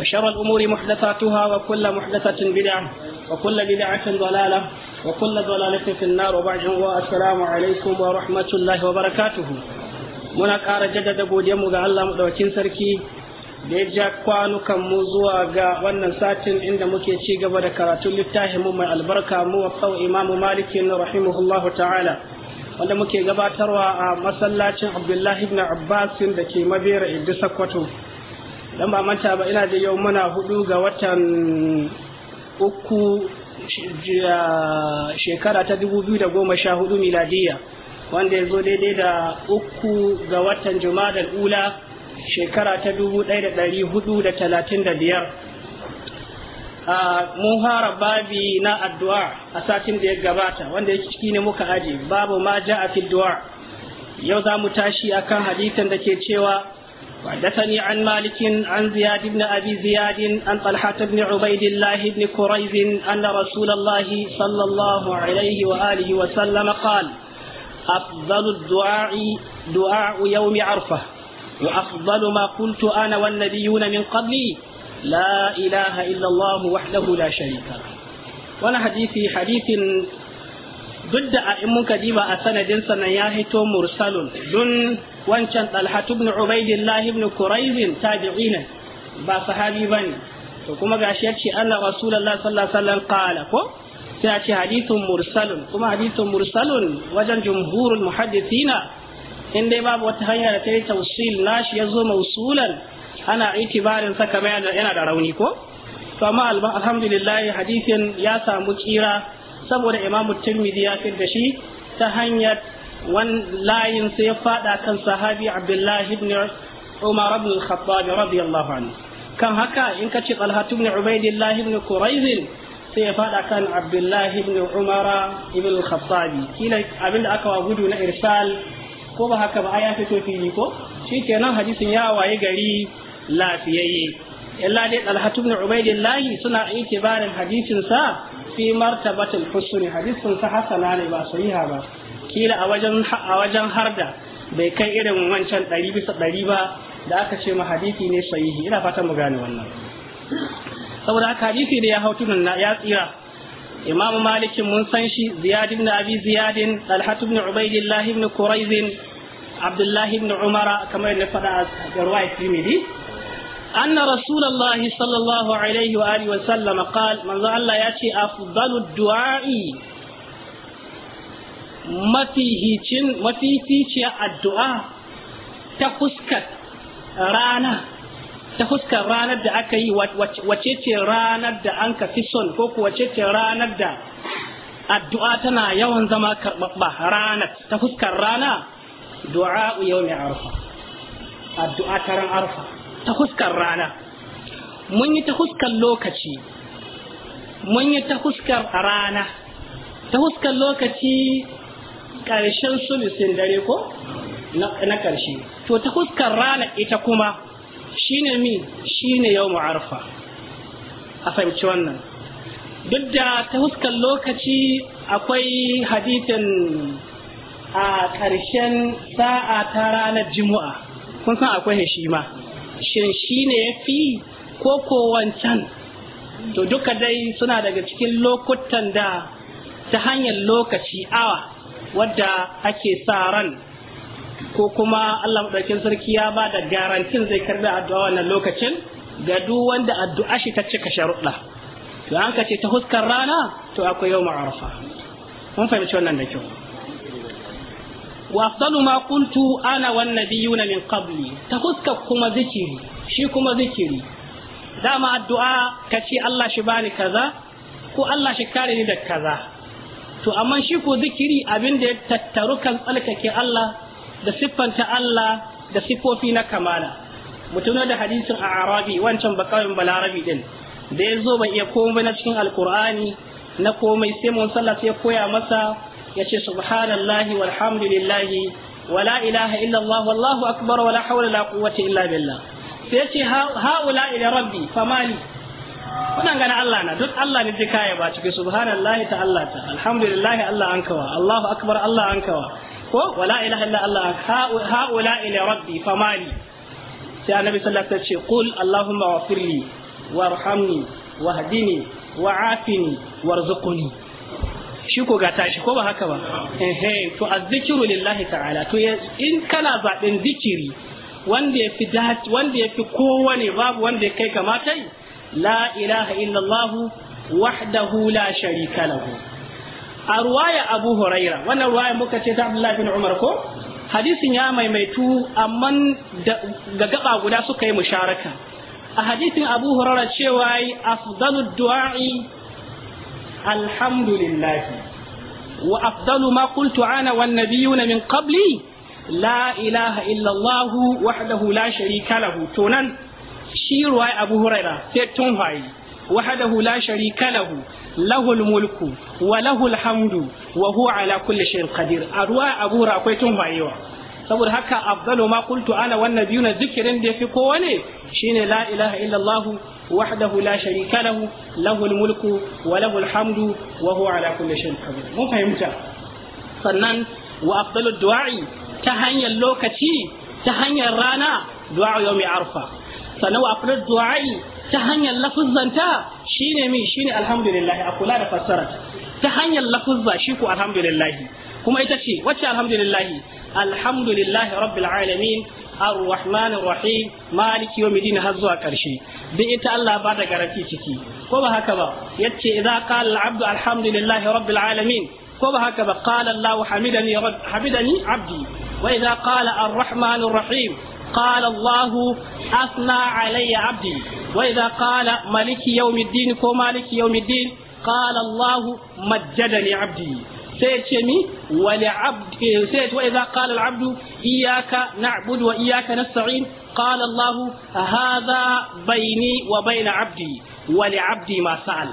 وشر الأمور محدثاتها وكل محدثة بدعة وكل بدعة ضلالة وكل ضلالة في النار وبعد السلام عليكم ورحمة الله وبركاته muna ƙara jaddada godiyarmu ga Allah maɗaukin sarki da ya ja kwanukan mu zuwa ga wannan satin inda muke ci gaba da karatun littafin mu mai albarka mu wa kawo imamu malikin rahimahullahu ta'ala wanda muke gabatarwa a masallacin abdullahi ibn abbasin da ke mabera idris sakwato dan ba manta ba ina da yau muna hudu ga watan uku shekara ta 2014 miladiya wanda ya zo daidai da uku ga watan da ula shekara ta 1435 mun fara babi na addu'a a satin da ya gabata wanda ya ciki ne muka aji babu ma ja a du'a yau za mu tashi akan kan da ke cewa وحدثني عن مالك عن زياد بن أبي زياد عن طلحة بن عبيد الله بن كريز أن رسول الله صلى الله عليه وآله وسلم قال أفضل الدعاء دعاء يوم عرفة وأفضل ما قلت أنا والنبيون من قبلي لا إله إلا الله وحده لا شريك له وأنا حديثي حديث duk da in muka diba a sanadin sanan ya hito mursalun dun wancan talhatu ibn ubaidillah ibn quraiz tabi'ina ba sahabi bane to kuma gashi yace Allah rasulullah sallallahu alaihi wasallam qala ko sai a hadithun mursalun kuma hadithun mursalun wajen jumhurul muhaddithina in dai babu wata hanya da ta yi tausil nashi ya zo mausulan ana itibarin sa kamar yana da rauni ko to amma alhamdulillah hadisin ya samu kira. saboda imamu tirmidhi ya fi da shi ta hanyar wani layin sai ya fada kan sahabi abdullahi ibn umar ibn al-khattab radiyallahu anhu kan haka in ka ce talha ibn ubaidillah ibn quraiz sai ya fada kan abdullahi ibn umar ibn al-khattab kila abinda aka wa gudu na irsal ko ba haka ba aya fito fili ko shikenan hadisin ya waye gari lafiyayye illa dai talha ibn ubaidillah suna itibarin hadisin sa fi martabatul husni hadisin sa hasana ne ba sahiha ba kila a wajen a wajen harda bai kai irin wancan 100 bisa 100 ba da aka ce ma hadisi ne sahihi ina fata mu gane wannan saboda haka hadisi da ya hau tunan na ya tsira Imam Malik mun san shi Ziyad ibn Abi Ziyad Talhat ibn Ubaidillah ibn Quraiz Abdullah ibn Umar kamar yadda faɗa a ruwayat Tirmidhi أن رسول الله صلى الله عليه وآله وسلم قال من ذا الله يأتي أفضل الدعاء mafificin mafificiya addu'a ta fuskar rana ta fuskar ranar da aka yi wacece ce da an ka fi son ko kuwa wace da addu'a tana yawan zama karɓaɓɓa ranar ta fuskar rana arfa arfa ta huskar rana mun yi ta huskar lokaci mun yi ta huskar rana ta huskar lokaci ƙarshen sulisin dare ko na ƙarshe to ta huskar rana ita kuma shine mi shine yau arfa a fahimci wannan duk da ta huskar lokaci akwai hadithin a ƙarshen sa'a ta ranar jimu'a kun san akwai shi ma shin shi ne ya fi ko ko wancan to duka dai suna daga cikin lokutan da ta hanyar lokaci awa wadda ake sa ran ko kuma Allah maɗaukin sarki ya ba da garantin zai karɓi addu'a wannan lokacin ga duk wanda addu'a shi ta cika sharuɗa to an ka ce ta huskar rana to akwai yau ma'arfa mun fahimci wannan da kyau وأفضل ما قلت أنا والنبيون من قبلي تخذككم ذكري شيكم ذكري دام الدعاء Allah shi bani kaza ko Allah shi kare ni da kaza to amma shi ko zikiri abin da ya tattaru kan tsalkake Allah da siffanta Allah da siffofi na kamala mutum da hadisin a arabi wancan bakawin balarabi din da ya zo bai iya komai na cikin alkur'ani na komai sai mun sallah sai koya masa yace subhanallahi walhamdulillahi wala ilaha wallahu akbar wala hawla quwwata illa billah sai yace haula ila rabbi famali gana Allah na duk Allah ne duka ya ba cikin subhanallahi ta Allah ta alhamdulillahi Allah an kawa Allahu akbar Allah an kawa ko wala ilaha illa Allah haula ila rabbi famali sai annabi sallallahu alaihi wasallam ce qul allahumma warhamni wahdini wa'afini warzuqni shi ko ga tashi ko ba haka ba ehe to azzikiru lillahi ta'ala to in kana zaɓin zikiri wanda ya fi wanda ya fi kowane babu wanda ya kai kamata la ilaha illallah wahdahu la sharika lahu a ruwaya abu huraira wannan ruwaya muka ce ta abdullahi bin umar ko hadisin ya maimaitu amma ga gaba guda suka yi musharaka a hadisin abu huraira cewa afdalu du'a'i الحمد لله وأفضل ما قلت أنا والنبيون من قبلي لا إله إلا الله وحده لا شريك له تونان شير واي أبو هريرة سيتون هاي وحده لا شريك له له الملك وله الحمد وهو على كل شيء قدير أروى أبو راكويتون هايوا saboda haka afdalu ma qultu ana wannan biyu na zikirin da yafi kowa ne shine la ilaha illallah وحده لا شريك له له الملك وله wa وهو على كل شيء قدير mun fahimta sannan wa afdalu du'a'i ta hanyar lokaci ta hanyar rana du'a yawmi arfa sannan wa afdalu du'a'i ta hanyar lafuzzanta shine mi shine alhamdulillah a kula da fassarar ta hanyar lafuzza shi ko alhamdulillah kuma ita ce wacce alhamdulillah alhamdulillah rabbil alamin ar-rahman ar-rahim maliki yawmid din har zuwa karshe duk ita Allah ba da garanti ciki ko ba haka ba yace idza qala al-abdu alhamdulillahi rabbil alamin ko ba haka ba qala Allah hamidani hamidani abdi wa idza qala ar-rahman ar-rahim قال الله أثنى علي عبدي وإذا قال ملك يوم الدين كو مالك يوم الدين قال الله مجدني عبدي sai ya ce mi wali abdi eh, sai ya ce wa idza qala al abdu iyyaka na'budu wa iyyaka nasta'in qala Allah haza baini wa baina abdi wali abdi ma sa'al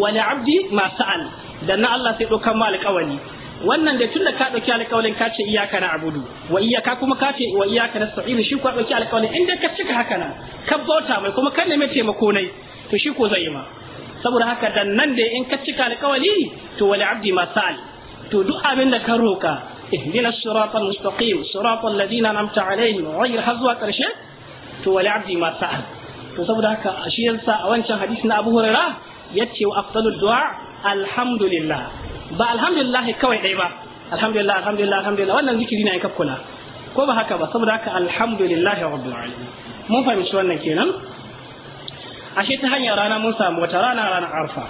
wali abdi ma sa'al na Allah sai dokan ma alƙawari wannan da tunda ka dauki alƙawarin ka ce iyaka na abudu wa iyaka kuma ka ce wa iyaka na sa'in shi ku dauki alƙawarin inda ka cika haka nan ka bauta mai kuma kan neme taimako nai to shi ko zai yi ma saboda haka da nan da in ka cika alƙawali to wal abdi masal to duk abin da ka roka ihdina siratal mustaqim siratal ladina an'amta alaihim ghayr hazwa karshe to wal abdi masal to saboda haka shi yasa a wancan hadisi na Abu Hurairah yace wa afdalud du'a alhamdulillah ba alhamdulillah kawai dai ba alhamdulillah alhamdulillah alhamdulillah wannan zikiri ne ka kula ko ba haka ba saboda haka alhamdulillah rabbil alamin mun fahimci wannan kenan ashe ta hanyar rana mun samu wata rana ranar arfa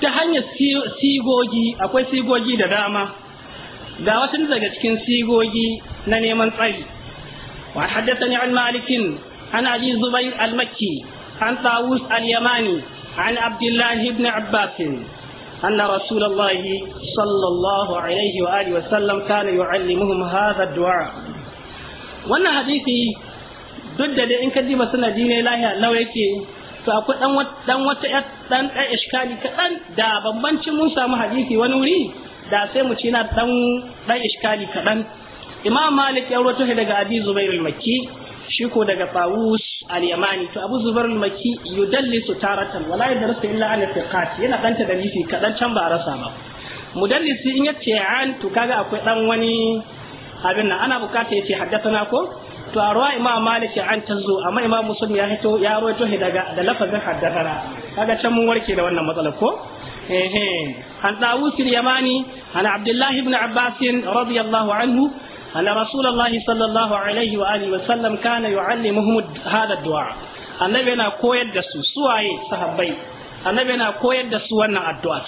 ta hanyar sigogi akwai sigogi da dama ga wasu daga cikin sigogi na neman tsari wa ni an malikin an abi zubair Almakki. an tawus al-yamani an abdullahi ibn abbas أن رسول الله صلى الله عليه وآله وسلم كان يعلمهم هذا الدعاء wannan hadisi duk da dai in ka ji diba sanadi ne lahiya nawa yake to akwai dan dan wata dan dan iskali kadan da bambancin mun samu hadisi wani wuri da sai mu ci na dan dan iskali kadan imam malik ya rawaito shi daga abi zubair al-makki shi ko daga tawus al-yamani to abu zubair al-makki yudallisu taratan wala yadrusu illa ala thiqat yana dan da lifi kadan can ba a rasa ba mudallisi in yace an to kaga akwai dan wani abin nan ana bukata yace haddathana ko to a ruwa imam malik an tazo amma imam muslim ya hito ya rawaito shi daga da lafazin haddathana kaga can mun warke da wannan matsalar ko eh eh an dawus yamani ana abdullahi ibn abbas radiyallahu anhu أن رسول الله صلى الله عليه وآله وسلم كان يعلمهم هذا الدعاء koyar da su wannan addu'a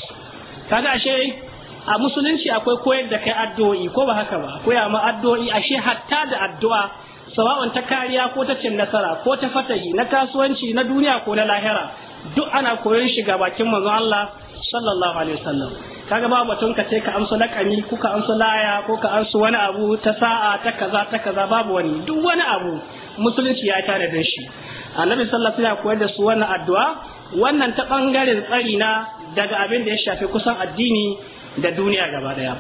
a musulunci akwai koyar da kai addu'o'i ko ba haka ba koya ma addu'o'i ashe hatta da addu'a sawa'un ta kariya ko ta cin nasara ko ta fatahi na kasuwanci na duniya ko na lahira duk ana koyon shi ga bakin manzon Allah sallallahu alaihi wasallam kaga ba batun ka ce ka amsa lakami ko ka amsa laya ko ka amsa wani abu ta sa'a ta kaza ta kaza babu wani duk wani abu musulunci ya tare da shi annabi sallallahu alaihi wasallam koyar da su wannan addu'a wannan ta bangaren tsari na daga abin da ya shafi kusan addini da duniya gaba daya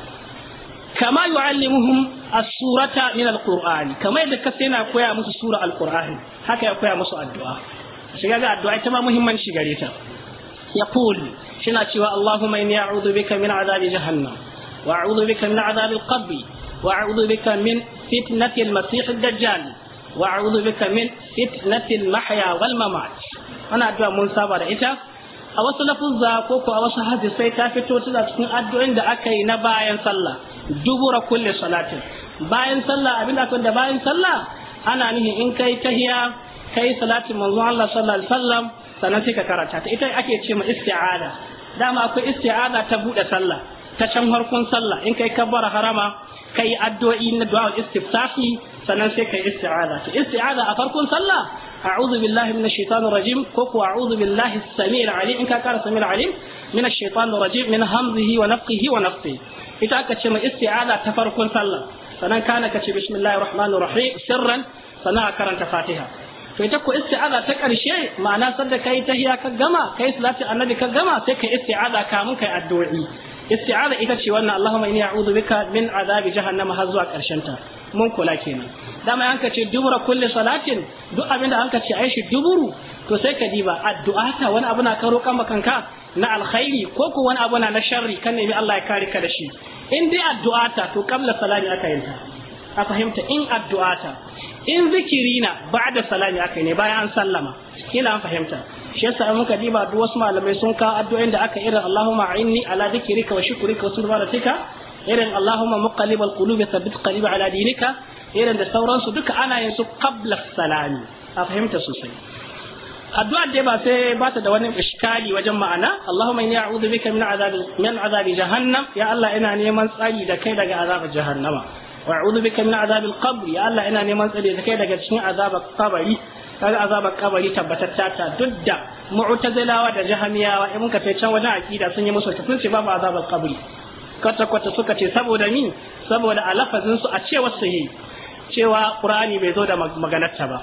kama yu'allimuhum as-surata min al-qur'an kama yadda ka sai na koya musu sura al-qur'an haka ya koya musu addu'a shiga ga addu'a ita ma muhimmanci gare ta yaqul shina cewa allahumma inni a'udhu bika min azabi jahannam wa a'udhu bika min azabi al-qabr wa a'udhu bika min fitnati al-masih ad-dajjal wa a'udhu bika min fitnati al-mahya wal mamat ana addu'a mun saba da ita a wasu lafuzza ko ko a wasu hadisai ta fito tana cikin addu'o'in da aka yi na bayan sallah dubura kulli salatin bayan sallah abin da da bayan sallah ana nihin in kai tahiya kai salatin manzo Allah sallallahu alaihi wasallam sannan sai ka karanta ta ita ake ce ma isti'ada dama akwai isti'ada ta bude sallah ta can harkun sallah in kai kabbara harama kai addu'o'i na du'a istiftahi sannan sai kai isti'ada to isti'ada a farkon sallah a'udhu billahi minash rajim ko ko a'udhu billahi samir alim in ka kara samir alim minash shaitanir rajim min hamzihi wa nafthihi wa nafthihi ita aka ce mai isti'aza ta farkon sallah sannan kana ka ce bismillahir rahmanir rahim sirran sannan karanta fatiha to ita ko isti'aza ta karshe ma'ana sanda ta tahiya ka gama kai salati annabi ka gama sai kai isti'aza kamun kai addu'o'i isti'aza ita ce wannan Allahumma in a'udhu ka min azabi jahannama har zuwa karshen ta mun kula kenan dama an ka ce dubura kulli salatin duk abin da an ka ce ai shi duburu to sai ka diba addu'a ta wani abu na ka roƙa makanka na alkhairi ko ko wani abu na na sharri kan nemi Allah ya kare ka da shi in dai addu'a ta to kabla salami aka yin ta a fahimta in addu'a ta in zikiri na ba'da salami aka ne bayan an sallama kila an fahimta shi yasa in muka diba duk wasu malamai sun kawo addu'a da aka irin Allahumma inni ala dhikrika wa shukrika wa sunbaratika irin Allahumma muqallibal qulubi thabbit qalbi ala dinika irin da sauransu duka ana yin su qabla salami a fahimta sosai addu'a dai ba sai ba ta da wani iskali wajen ma'ana Allahumma inni a'udhu bika min azabi min azabi jahannam ya Allah ina neman tsari da kai daga azabin jahannama wa a'udhu bika min azabil qabr ya Allah ina neman tsari da kai daga cikin azabar kabari kaga azabar kabari tabbatatta ta duk da mu'tazilawa da jahamiyawa in muka ce can wajen aqida sun yi musu tafsir babu azabar kabari kwata-kwata suka ce saboda ni saboda a lafazin su a cewa su yi cewa qur'ani bai zo da maganarta ba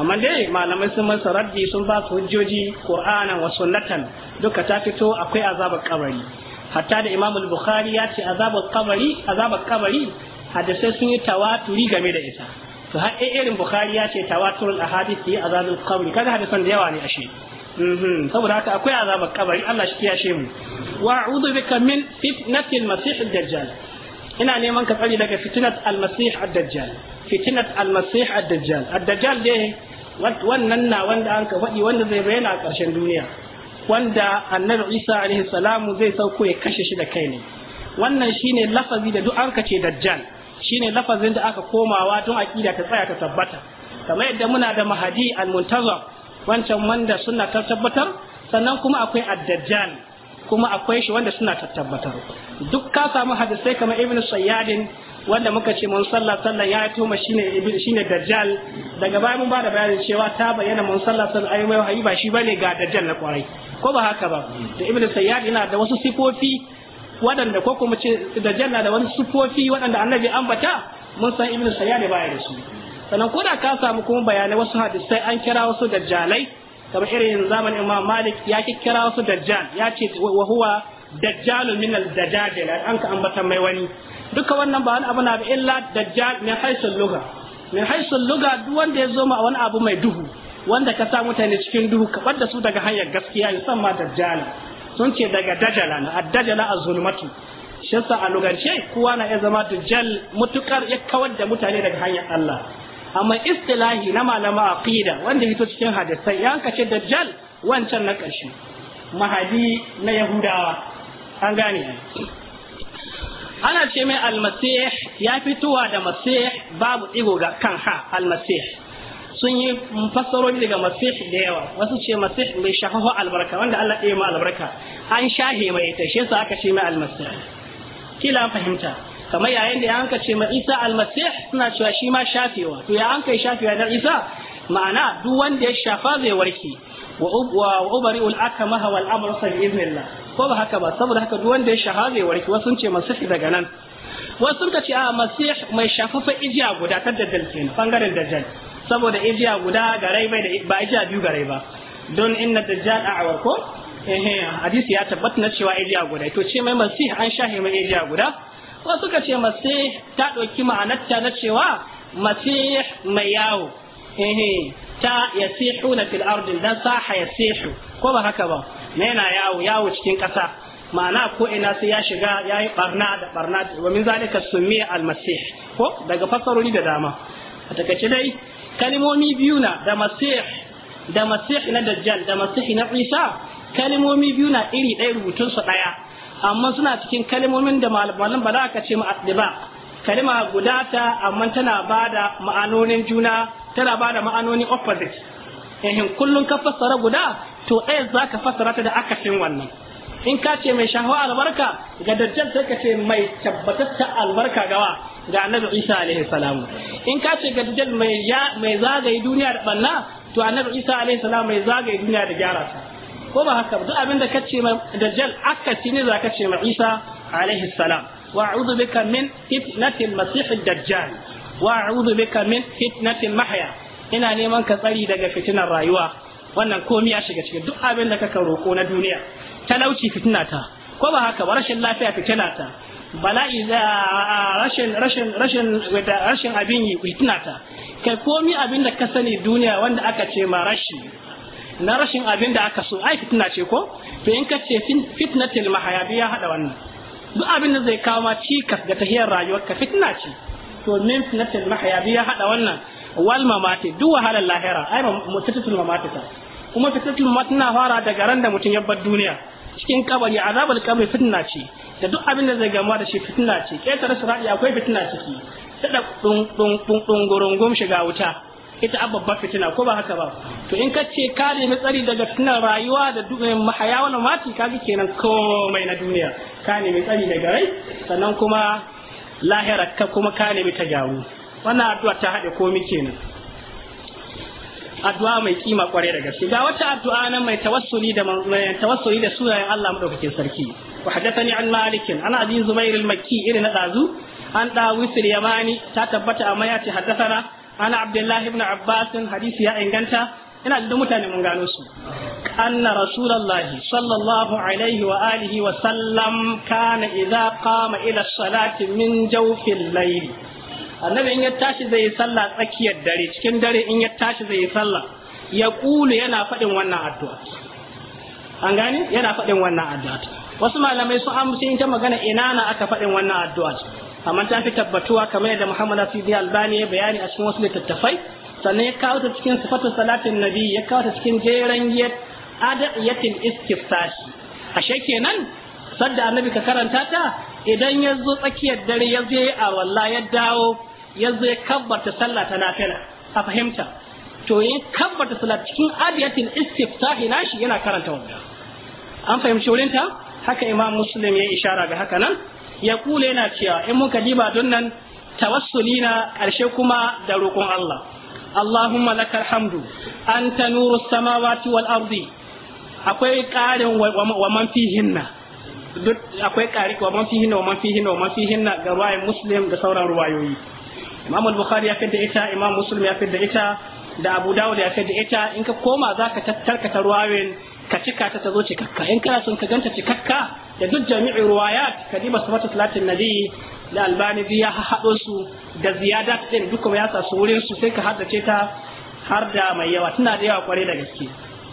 amma dai malamai sun masa raddi sun ba su hujjoji qur'anan wa sunnatan duka ta fito akwai azabar kabari hatta da imamu bukhari ya ce azabar kabari azabar kabari hadisai sun yi tawaturi game da ita to har eh, irin bukhari ya ce tawaturul ahadith yi azabul qabr kaga hadisan da yawa ne ashe Mhm. saboda haka akwai azabar kabari Allah shi kiyashe mu wa a'udhu bika min fitnatil masih ad-dajjal ina neman ka tsari daga fitnat al-masih ad-dajjal fitnat al-masih ad-dajjal ad-dajjal dai wannan na wanda an ka faɗi wanda zai bayyana a ƙarshen duniya wanda annabi Isa alaihi salamu zai sauko ya kashe shi da kai ne wannan shine lafazi da duk an ka ce dajjal shine lafazin da aka komawa don aqida ta tsaya ta tabbata kamar yadda muna da mahadi al-muntazam wancan wanda suna ta tabbatar sannan kuma akwai addajjal kuma akwai shi wanda suna ta tabbatar duk ka samu hadisai kamar ibn sayyadin wanda muka ce mun sallah sallah ya ma shine shine dajjal daga baya mun bada bayanin cewa ta bayyana mun sallah sallah ayi mai wahayi ba shi bane ga dajjal na kwarai ko ba haka ba da ibn sayyad yana da wasu sifofi waɗanda ko kuma ce dajjal na da wasu sifofi waɗanda annabi ambata mun san ibn sayyad baya da su sannan ko da ka samu kuma bayanai wasu hadisai an kira wasu dajjalai kamar irin zamanin imam malik ya kira wasu dajjal ya ce wa huwa dajjalun min al dajjal an ka ambata mai wani duka wannan ba wani abu na illa dajjal min haisul luga min haisul luga duk wanda ya zo ma wani abu mai duhu wanda ka sa mutane cikin duhu ka bar da su daga hanyar gaskiya ya ma dajjal sun ce daga dajala na addajala az-zulmatu sa a lugance kowa na ya zama dajjal mutukar ya kawar da mutane daga hanyar Allah amma istilahi na malama aqida wanda fito cikin hadisai ya kace dajjal wancan na ƙarshe mahadi na yahudawa an gane ana ce mai almasih ya fitowa da masih babu digo ga kan ha almasih sun yi fassarori daga masih da yawa wasu ce masih mai shafafa albarka wanda Allah ɗaya ma albarka an shahe mai ita shi yasa aka ce mai almasih kila fahimta kamar yayin da an ce ma Isa almasih suna cewa shi ma shafewa to ya an kai shafewa na Isa ma'ana duk wanda ya shafa zai warke wa ubari'ul akamaha wal amrasa bi idnillah ko ba haka ba saboda haka duk wanda ya shafa zai warke wasu sun ce masih daga nan wasu suka ce a masih mai shafafa ijiya guda ta daddal kenan bangaren dajjal saboda ijiya guda garai bai da ba ijiya biyu garai ba don inna dajjal a'awar ko eh hadisi ya tabbata na cewa ijiya guda to ce mai masih an shafe mai ijiya guda wasu suka ce masih ta ɗauki ma'anarta na cewa masih mai yawo ta yasihu na fil ardin dan saha yasihu ko ba haka ba na yana yawo yawo cikin ƙasa ma'ana ko ina sai ya shiga ya yi barna da barna wa min zalika sumiya al-masih ko daga fasaroli da dama a takaice dai kalmomi biyu na da masih da masih na dajjal da masih na isa kalmomi biyu na iri ɗaya rubutunsu ɗaya amma suna cikin kalimomin da malaman za ka ce mu ba kalima guda ta amma tana bada ma'anonin juna tana bada ma'anonin opposite ehin kullun ka fassara guda to ɗaya za ka fassara ta da akasin wannan in ka ce mai shahawa albarka ga dajjal sai ka ce mai tabbatatta albarka gawa ga annabi isa alaihi salam in ka ce ga dajjal mai zagaye duniya da banna to annabi isa alaihi salam mai zagaye duniya da gyara ta ko ba haka duk abin da kace ma dajjal aka ci ne za ka ce ma Isa alaihi salam wa a'udhu bika min fitnati al-masih ad-dajjal wa a'udhu bika min fitnati al-mahya ina neman ka tsari daga fitinar rayuwa wannan komai ya shiga cikin duk abin da kaka roko na duniya talauci fitina ta ko ba haka ba rashin lafiya fitina ta bala'i rashin rashin rashin rashin abin yi fitina ta kai komai abin da ka sani duniya wanda aka ce ma rashi na rashin abin da aka so ai fitna ce ko to in ka ce fitnatil ya hada wannan duk abin da zai kawo ma cikas ga tahiyar rayuwar ka fitna ce to min fitnatil mahayabi ya hada wannan wal mamati duk wahalar lahira ai mutatul mamati ta kuma fitnatul mamati na fara daga ran da mutum ya bar duniya cikin kabari azabul kabari fitna ce da duk abin da zai gama da shi fitna ce ƙetare sirati akwai fitna ciki da dungurungum shiga wuta ita babbar fitina ko ba haka ba to in ka ce ka nemi tsari daga tunan rayuwa da eh, mahaya wannan mati ka ji kenan komai na duniya ka nemi tsari daga rai sannan kuma lahira ka kuma ka nemi ta jawo wannan addu'a ta haɗe komai kenan addu'a mai kima kwarai daga gaske ga wata addu'a nan mai tawassuli da tawassuli da sunayen Allah madaukakin sarki wa hadathani an malik an abi zubair al-makki irin na dazu an da wisir yamani ta tabbata amma ya ce hadathana ana abdullahi ibn abbas hadisi ya inganta ina da mutane mun gano su anna rasulullahi sallallahu alaihi wa alihi wa sallam kana idza qama ila salati min jawfil layl annabi in ya tashi zai sallah tsakiyar dare cikin dare in ya tashi zai sallah ya kulu yana faɗin wannan addu'a an gani yana faɗin wannan addu'a wasu malamai su amsa ta magana ina na aka faɗin wannan addu'a amma ta fi tabbatuwa kamar yadda Muhammad Asidi Albani ya bayani a cikin wasu littattafai sannan ya kawo ta cikin sifatu salatin nabi ya kawo ta cikin jeren adayatin istiftashi ashe nan, sadda annabi ka karanta ta idan ya zo tsakiyar dare ya zo a walla ya dawo ya zo ya kabbarta sallah ta nafila a fahimta to ya kabbarta sallah cikin adiyatin istiftahi nashi yana karanta wannan an fahimci wurinta haka imam muslim ya ishara ga haka nan ya kula yana cewa in muka diba don nan tawassuli na ƙarshe kuma da roƙon Allah Allahumma lakal hamdu anta nuru samawati wal ardi akwai ƙarin wa man fihinna duk akwai ƙari wa man fihinna wa man fihinna wa man fihinna ga ruwayin muslim da sauran ruwayoyi Imam al-Bukhari ya fidda ita Imam Muslim ya fidda ita da Abu Dawud ya fidda ita in ka koma zaka tattarkata ruwayoyin ka cika ta ta cikakka in kana son ka ganta cikakka da duk jami'in ruwayat kadima sifatu salatin nabi da albani biya haɗo su da ziyada din duka ya su wurin su sai ka haddace ta har da mai yawa tana da yawa kwarai da gaske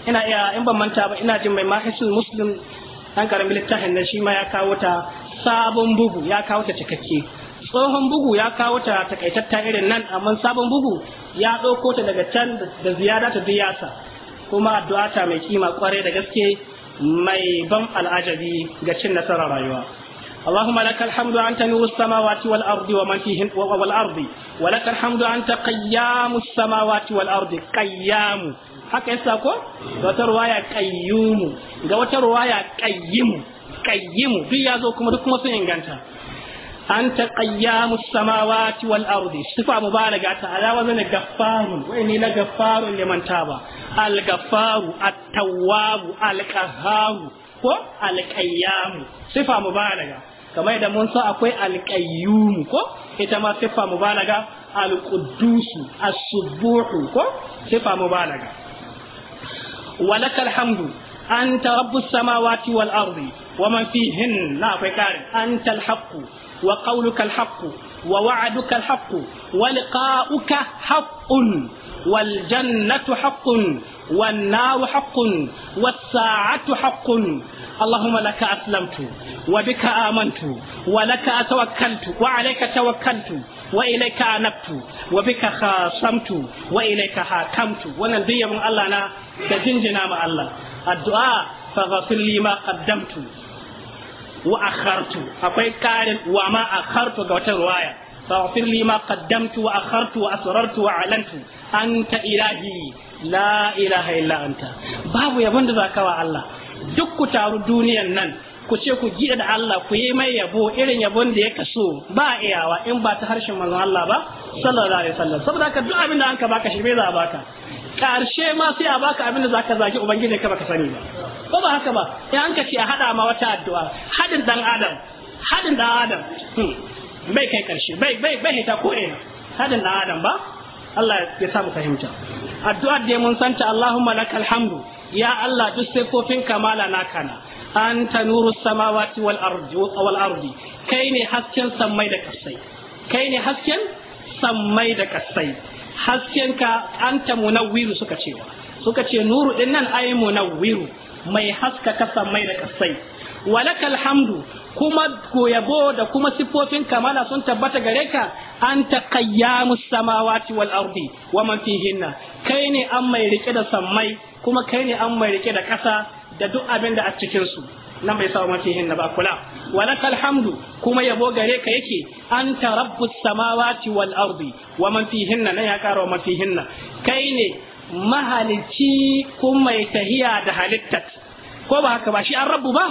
ina iya in ban manta ba ina jin mai mahisul muslim dan karamin littafin nan shi ma ya kawo ta sabon bugu ya kawo ta cikakke tsohon bugu ya kawo ta takaitatta irin nan amma sabon bugu ya ɗauko ta daga can da ziyada ta biyasa kuma addu'a ta mai kima kwarai da gaske mai ban al'ajabi ga cin nasarar rayuwa اللهم لك الحمد أنت نور السماوات والأرض ومن فيهن والأرض ولك الحمد أنت قيام السماوات والأرض قيام haka yasa ko da wata ruwaya qayyumu da wata duk ya zo kuma duk kuma sun inganta anta qayyamu samawati wal ardi sifa mubalaga ta alawa zan gaffaru wai ne na gaffaru ne manta ba al gaffaru at tawwabu al qahhamu ko al qayyamu sifa mubalaga kamar da mun akwai al qayyum ko ita ma sifa mubalaga al quddusu as subuhu ko sifa mubalaga walakal hamdu anta rabbus samawati wal ardi wa man fihin na akwai karin anta al وقولك الحق ووعدك الحق ولقاؤك حق والجنة حق والنار حق والساعة حق اللهم لك أسلمت وبك آمنت ولك أتوكلت وعليك توكلت وإليك أنبت وبك خاصمت وإليك حاكمت ونبي من الله أنا تجنجنا مع الله الدعاء فغفر لي ما قدمت wa akhartu akwai karin wa ma akhartu ga wata riwaya akhartu wa asrartu wa alantu anta ilahi la ilaha illa anta babu yabon da zaka wa Allah. duk ku taru duniyan nan ku ce ku gida da Allah ku yi mai yabo irin yabon da ya kaso ba iyawa in ba ta harshen manzon Allah ba sallallahu alaihi wasallam saboda ka duk abin da an ka baka shi bai za baka karshe ma sai a baka abin da zaka zaki ubangiji ka baka sani ba ko ba haka ba sai an kace a hada ma wata addu'a hadin dan adam hadin dan adam hmm. bai kai karshe bai bai bai hita ko ina hadin dan adam ba Allah ya sa mu fahimta addu'ar da mun santa Allahumma lakal hamdu ya Allah duk kofin kamala naka na anta nurus samawati wal ardi wal ardi kai ne hasken sammai da kasai kai ne hasken sammai da kasai haskenka anta munawwiru suka cewa suka ce nuru din nan ai munawwiru mai haska kasa mai da kasai walakal hamdu kuma koyabo da kuma siffofin kamala sun tabbata gare ka anta qayyamus samawati wal ardi wa man fihinna kai ne an mai rike da sammai kuma kai ne an mai rike da kasa da duk abin da a cikin su nan bai sa umarci hinna ba kula walakal hamdu kuma yabo gare ka yake anta rabbus samawati wal ardi wa man fihinna nan ya kara wa man fihinna kai ne mahalici kuma mai tahiya da halittat ko ba haka ba shi an rabbu ba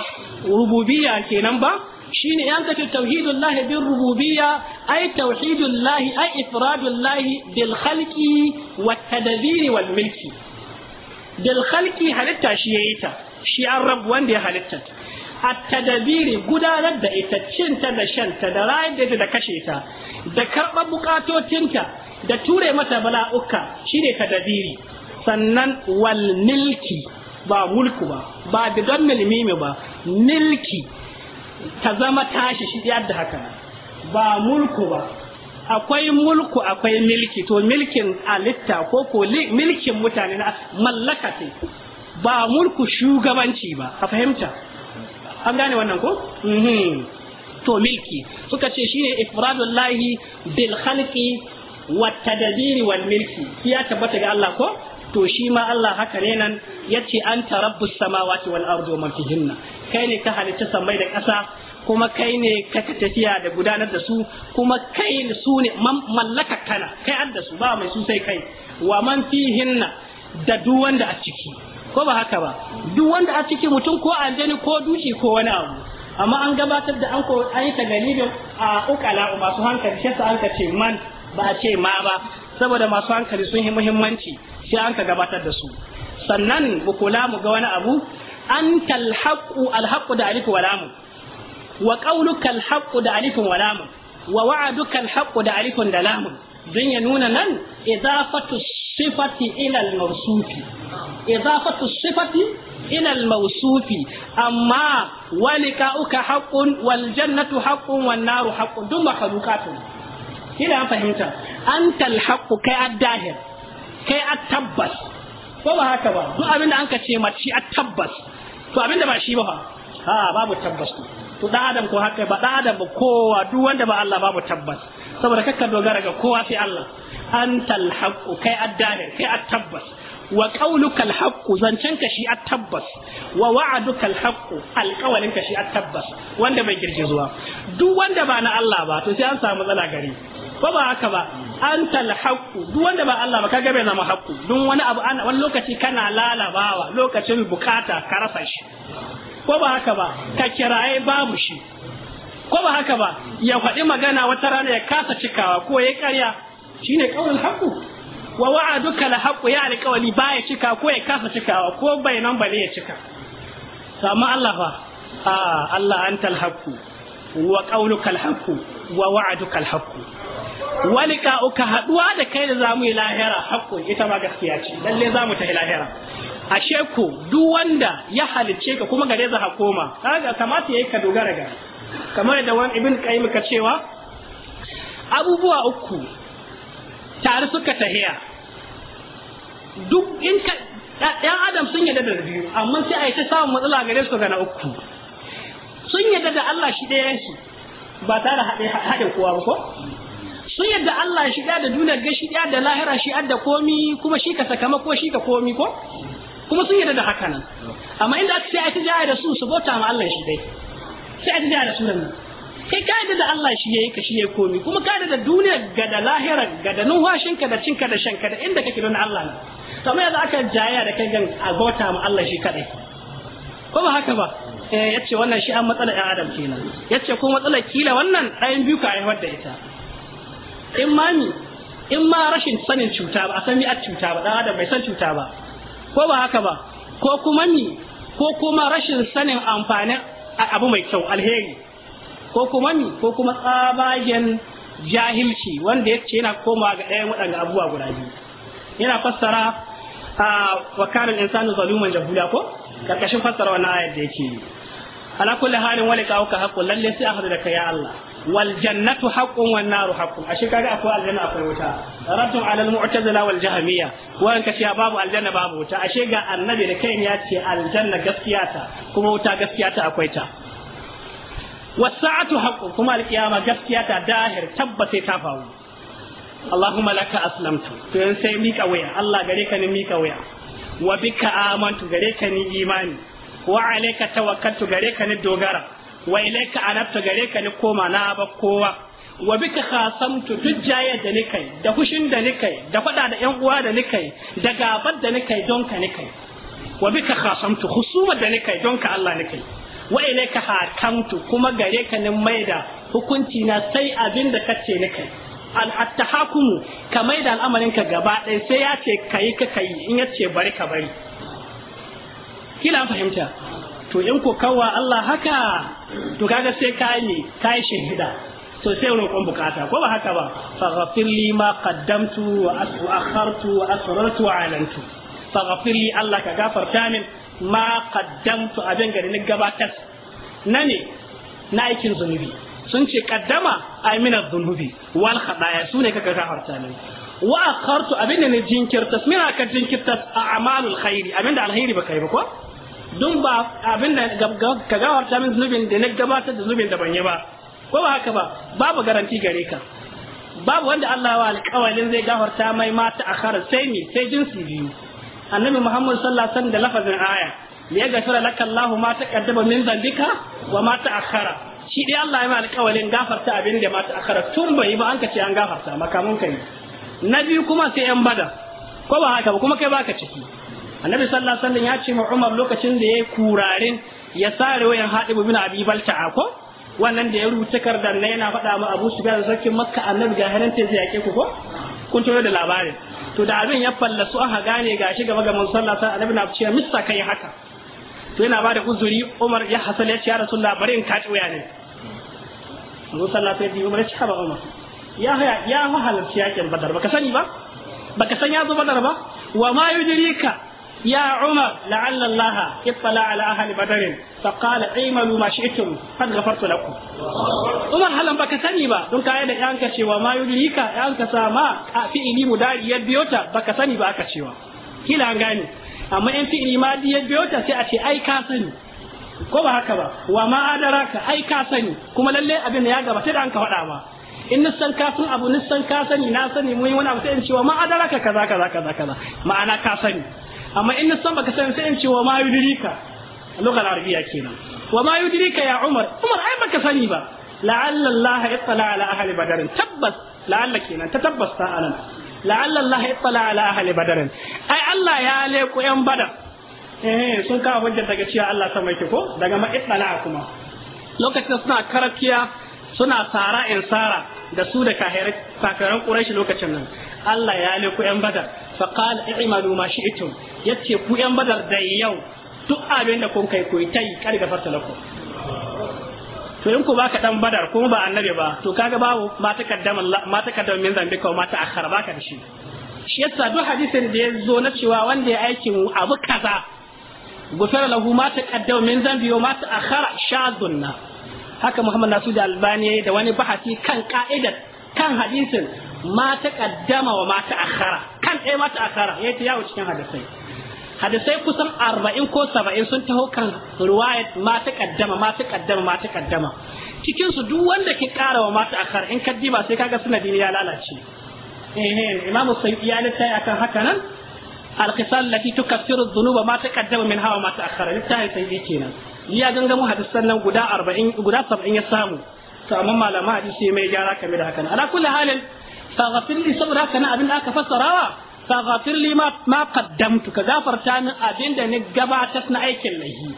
rububiyya kenan ba shine yan kace tauhidul lahi bil rububiyya ai tauhidul lahi ay ifradul lahi bil khalqi wat tadbir wal milki bil khalqi halitta shi yayi ta shi an rabu wanda ya halitta A tadabiri gudanar da ita cinta da shanta da rayar da ita da kashe ta da karɓar bukatotinta da ture mata bala'uka shine tadabiri sannan wal milki ba mulku ba ba bidan milmimi ba milki ta zama tashi shi da haka ba mulku ba akwai mulku akwai milki to milkin alitta ko ko milkin mutane na mallaka ba mulku shugabanci ba a fahimta an gane wannan ko mhm. Mhm. to milki suka ce shine ifradul lahi bil khalqi wa tadbiri wal milki ya tabbata ga Allah ko to shi ma Allah haka ne nan yace an tarabbus samawati wal wani wa man hinna? kai ne ka halitta samai da ƙasa kuma kai ne ka tafiya da gudanar da su kuma kai ne su ne mallaka kana kai an da su ba mai su sai kai wa man fihinna da duk wanda a ciki ko ba haka ba duk wanda a ciki mutum ko aljani ko dushi ko wani abu amma an gabatar da an ko an yi a ukala masu hankali shi an ka ce man ba a ce ma ba saboda masu hankali sun yi muhimmanci shi an ka gabatar da su sannan mu kula mu ga wani abu an talhaqu alhaqu da alif wa lam wa qawluka alhaqu da alif wa lam wa wa'aduka alhaqu da alif da lam don ya nuna nan idafatu sifati ila al-mawsufi idafatu sifati ila al-mawsufi amma walika uka haqqun wal jannatu haqqun wan naru haqqun dum makhluqatun kina an fahimta anta al-haqqu kai ad-dahir kai at-tabbas ko ba haka ba duk abinda an ka ce mace at-tabbas to abinda ba shi ba fa ha babu tabbas to dan adam ko haka ba dan adam ba kowa duk wanda ba Allah babu tabbas saboda kakka dogara ga kowa sai Allah antal haqqu kai addahir kai attabbas wa qawluka alhaqqu zancanka shi attabbas wa wa'aduka alhaqqu alqawalinka shi attabbas wanda bai girgizuwa duk wanda ba na Allah ba to sai an samu zala gari ko ba haka ba antal haqqu duk wanda ba Allah ba kaga bai zama haqqu duk wani abu ana wani lokaci kana lalabawa lokacin bukata ka rasa shi ko ba haka ba ka kiraye babu shi ko ba haka ba ya faɗi magana wata rana ya kasa cikawa ko ya karya shine qaulul haqq wa wa'aduka la haqq ya alqawli ba ya cika ko ya kasa cikawa ko bai nan bale ya cika sama Allah fa a Allah antal haqq wa qauluka al wa wa'aduka al haqq walika uka haduwa da kai da zamu yi lahira haqqun ita ma gaskiya ce lalle zamu ta lahira ashe ku duk wanda ya halicce ka kuma gare za ka koma kaga kamata yayi ka dogara ga kamar da wani ibn qayyim ka cewa abubuwa uku tare suka tahiya duk in ka ɗan adam sun yadda da biyu amma sai a yi ta samun matsala gare su ga na uku sun yadda da Allah shi ɗaya shi ba tare haɗe kowa ba ko sun yadda Allah shi ɗaya da duniyar gashi ɗaya da lahira shi adda komi kuma shi ka sakamako shi ka komi ko kuma sun yadda da haka nan amma inda aka sai a ta jaya da su su bauta ma Allah shi dai sai a ta jaya da su nan kai ka yadda da Allah shi yayi ka shi yayi komi kuma ka da duniya ga da lahira ga da numfashin ka da cin ka da shan ka da inda kake don Allah ne to amma yanzu aka jaya da kai gan a bauta ma Allah shi kadai ko ba haka ba eh yace wannan shi an matsalar ɗan adam kenan yace ko matsalar kila wannan ɗayan biyu ka haifar da ita in mami in ma rashin sanin cuta ba a san mi a cuta ba ɗan adam bai san cuta ba ko ba haka ba ko kuma mi ko kuma rashin sanin amfanin abu mai kyau alheri ko kuma ni ko kuma tsabagen jahilci wanda ya ce yana koma ga ɗayan waɗanda abubuwa guda biyu yana fassara a wakarin insanu zaluman jahula ko karkashin fassara wannan ayar da yake yi ala kulli halin wali ka auka lalle sai ahadu da ya Allah wal jannatu haqqun wan naru haqqun ashe kaga akwai aljanna akwai wuta raddun ala al mu'tazila wal jahmiya wa an kashiya babu aljanna babu wuta ashe ga annabi da kai ya ce aljanna gaskiya ta kuma wuta gaskiya ta akwai ta wasa'atu haqqu kuma alkiyama gaskiya ta dahir tabbata ta faru Allahumma laka aslamtu to yan sai mika waya Allah gare ka ni mika waya wa bika amantu gare ka ni imani wa alayka tawakkaltu gare ka ni dogara wa ilayka anabtu gare ka ni koma na ba kowa wa bika khasamtu tujjaya da nikai da hushin da nikai da fada da yan uwa da nikai da gabar da nikai don ka nikai wa bika khasamtu husuma da nikai don ka Allah nikai ne ka hakamtu kuma gare ka nin maida hukunci na sai abin da kace ni kai al attahakumu ka maida al'amarin ka gaba ɗaya sai ya ce kai ka kai in ya ce bari ka bari kila fahimta to in ko kawwa Allah haka to kaga sai kai ne kai shahida to sai roƙon bukata ko ba haka ba faghfir li ma qaddamtu wa akhartu wa asrartu wa alantu faghfir li Allah ka gafarta min ma qaddamtu abin gari na gabatar na ne na aikin zunubi sun ce kaddama ay min adh-dhunubi wal khataaya sune kaga gafarta ne wa akhartu abin da ne jinkirtas mina ka jinkirta a'malul khairi abin da alkhairi ba kai ba ko dun ba abin da ka gafarta min zunubin da na gabatar da zunubin da ban yi ba ko ba haka ba babu garanti gare ka babu wanda Allah wa alƙawalin zai gafarta mai mata akhara sai ni sai jinsi biyu annabi muhammad sallallahu alaihi wasallam da lafazin aya ya, yaghfira laka allah ma taqaddama min zam'bika wa ma ta'akhkhara shi dai allah ya mai alƙawalin gafarta abin da ma ta'akhkhara tun bai ba an ka ce an gafarta makamun kai na biyu kuma sai yan bada ko ba haka ba kuma kai baka ciki annabi sallallahu alaihi wasallam ya ce ma umar lokacin da yayi kurarin ya sare wayan hadibu bin abi balta ko wannan da ya rubuta takardar na yana faɗa ma abu su da sarkin makka annabi ga hananta ya yake ku ko kun tura da labarin to da abin ya fallasu aka gane shi gaba ga mun sallah sai annabi na ce mista kai haka to yana bada uzuri Umar ya hasala ya ce ya Rasulullah bari in kaci waya ne mun sallah sai ji Umar ya ce ba Umar ya ya halalci yakin Badar baka sani ba baka san ya zo Badar ba wa ma yudrika يا عمر لعل الله اطلع على اهل بدر فقال اعملوا ما شئتم قد غفرت لكم عمر هل بك سني با دون كاي da yanka cewa ma yudrika yanka sama a fi'ili mudari ya biyota baka sani ba aka cewa kila an gane amma in fi'ili madi ya biyota sai a ce ai ka sani ko ba haka ba wa ma adaraka ai ka sani kuma lalle abin ya gabata da an ka faɗa ba in nisan ka sun abu nisan ka sani na sani mun wani abu sai in cewa ma adaraka kaza kaza kaza kaza ma'ana ka sani amma in san baka san sai in ce wa ma yudrika lokal arabiya kenan wa ma yudrika ya umar umar ai baka sani ba la'alla allah ya ittala ala ahli badar tabbas la'alla kenan ta tabbas ta anan la'alla allah ya ittala ala ahli badar ai allah ya leko yan badar eh sun kawo hujjar daga cewa allah sama yake ko daga ma ittala kuma lokacin suna karakiya suna sara in sara da su da kafiran ƙurashi lokacin nan Allah ya leku 'yan badar faqala i'malu ma shi'tum yace ku yan badar da yau duk abin da kun kai koyi tai kar farta lakum to in ku baka dan badar kuma ba annabi ba to kaga babu ma takaddama ma takaddama min zambi ko ma ta akhara baka da shi shi yasa duk hadisin da ya zo na cewa wanda ya aikin abu kaza gufar lahu ma taqaddama min zambi wa ma ta'akhara shadunna haka Muhammad Nasu da Albani da wani bahasi kan ka'idar kan hadisin ma ta kaddama wa ma ta akhara kan ɗaya ma ta akhara ya ta yawo cikin hadisai hadisai kusan arba'in ko saba'in sun taho kan riwayat ma ta kaddama ma ta kaddama ma ta kaddama cikin su duk wanda ke kara wa ma ta akhara in kaddiba sai kaga sanadin ya lalace eh imamu sai ya littafi kan haka nan القصال التي تكفر الذنوب ما تقدم منها وما تأخر لتاهي سيدي كينا يا غنغمو حدثنا نن غدا 40 guda 70 ya samu. to amma malama hadisi mai gyara kame da hakan ala kulli halin faghfir li saboda haka na abin da aka fassarawa faghfir li ma ma qaddamtu ka gafarta min abin ni gabatar na aikin lahi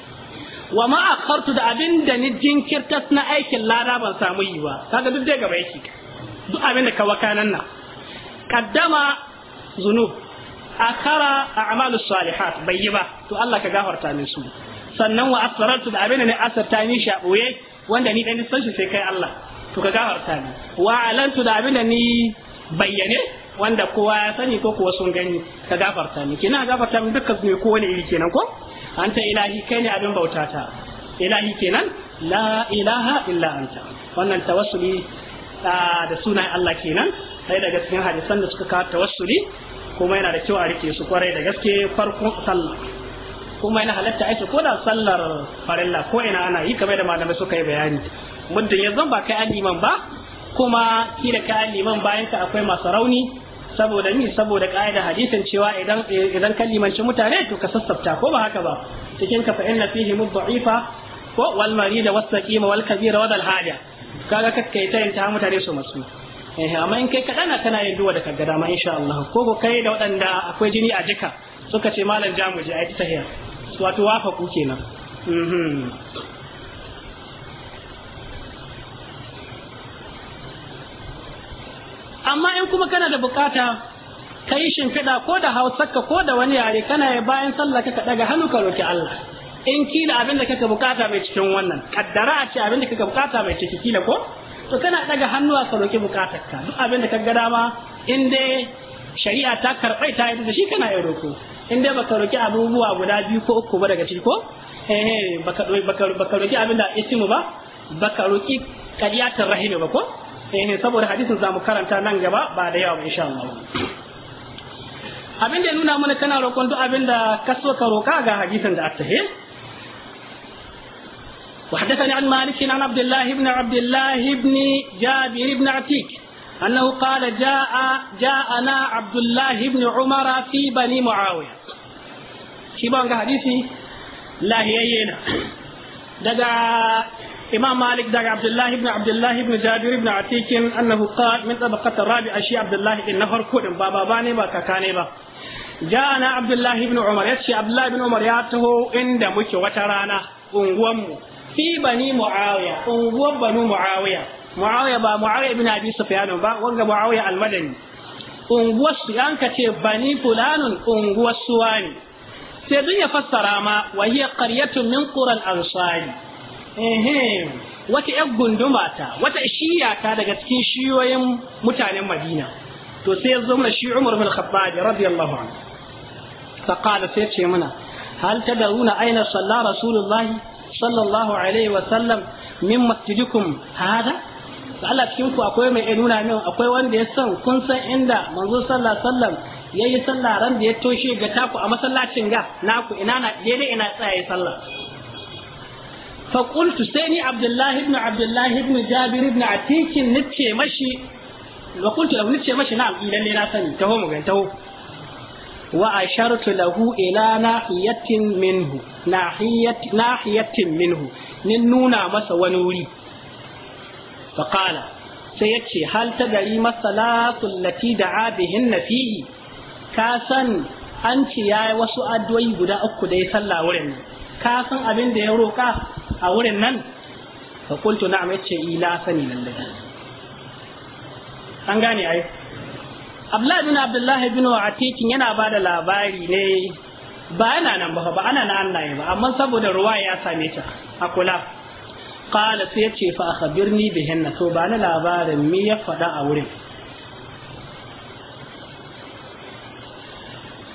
wa ma akhartu da abinda ni jinkirtar na aikin lada ban samu yi ba kaga duk dai gaba yake duk abin da ka wakanan nan qaddama zunub akhara a'malu salihat bai yi ba to Allah ka gafarta min su sannan wa asrartu da abinda da ni asarta ni sha boye wanda ni dan san shi sai kai Allah to ka gafarta ni wa alantu da abinda ni bayyane wanda kowa ya sani ko kuwa sun gani ka gafarta ni kina gafarta min dukkan mai ko wani iri kenan ko anta ilahi kai ne abin bauta ta ilahi kenan la ilaha illa anta wannan tawassuli da sunan Allah kenan sai daga cikin hadisan da suka kawo tawassuli kuma yana da kyau a rike su kwarai da gaske farkon sallah kuma yana halatta aiki ko da sallar farilla ko ina ana yi kamar da malamai suka yi bayani muddin yanzu ba kai an ba kuma kila ka liman bayan ka akwai masu rauni saboda ni saboda ka'ida hadisin cewa idan idan ka limanci mutane to ka sassafta ko ba haka ba cikin ka fa inna fihi mudda'ifa ko wal marida was saqima wal kabira wa dal haja kaga kakkai ta mutane su masu eh amma in kai kadana kana yin duwa da kaga dama insha Allah ko ko kai da waɗanda akwai jini a jika suka ce malam jamu ji ai tahiya wato wafa ku kenan mhm. amma in kuma kana da bukata ka yi shimfiɗa ko da hausarka ko da wani yare kana ya bayan sallah ka daga hannu ka roƙi Allah in kila abin da kaka bukata mai cikin wannan kaddara a ce abin da kaka bukata mai ciki kila ko to kana a hannu ka roki bukatarka duk abin da ka ga dama in dai shari'a ta karɓai ta yadda shi kana yin roƙo. in dai baka roƙi abubuwa guda biyu ko uku ba daga ciki ko eh baka baka abin da ismu ba baka roƙi qadiyatul rahimi ba ko eh saboda hadisin mu karanta nan gaba ba da yawa insha Allah abin da nuna mana kana roƙon duk abin da ka so ka roƙa ga hadisin da attahe وحدثني عن مالك عن عبد الله بن عبد الله بن جابر بن عتيك أنه قال جاء جاءنا عبد الله بن عمر في بني معاوية شبان حديثي لا هي ينا دقا إمام مالك دار عبد الله بن عبد الله بن جابر بن عتيك أنه قال من طبقة الرابعة شي عبد الله إنه كل بابا باني باكا كاني با جاءنا عبد الله بن عمر يتشي عبد الله بن عمر ياته عند مكي وترانا unguwanmu fi bani muawiya unguwan banu muawiya muawiya ba muawiya ibn abi sufyan ba wanga muawiya al-madani unguwar su an ce bani fulanun unguwar suwani sai duk ya fassara ma wa karyatu min ansari wata ‘yar gunduma ta wata shiya ta daga cikin shiyoyin mutanen madina to sai ya zo mana shi umar bin khattab radiyallahu anhu fa sai ce mana hal tadruna aina salla rasulullah sallallahu alaihi wa sallam min masjidikum hada Allah cikin ku akwai mai nuna min akwai wanda ya san kun san inda manzo sallallahu alaihi ya yayi sallah ran da ya toshe ga taku a masallacin ga naku ina na daidai ina tsaya sallah فقلت سيني عبد الله بن عبد الله بن جابر بن عتيك نتشي مشي وقلت له نتشي مشي نعم إلى اللي ناسني تهو مغين تهو وأشرت له إلى ناحية منه ناحية ناحية منه ننونا مس ونوري فقال سيتشي هل تدري ما الصلاة التي دعا بهن فيه كاسا أنت يا وسؤال دوي بدا أكو دي صلى ورنه ka san abin da ya roƙa a wurin nan fa na na'am yace ila sani da an gane ai Abdullahi bin Abdullahi bin Atikin yana ba da labari ne ba yana nan ba ba ana na Allah ba amma saboda ruwa ya same ta a kula qala sai yace fa akhbirni bihinna to ba na labarin me ya faɗa a wurin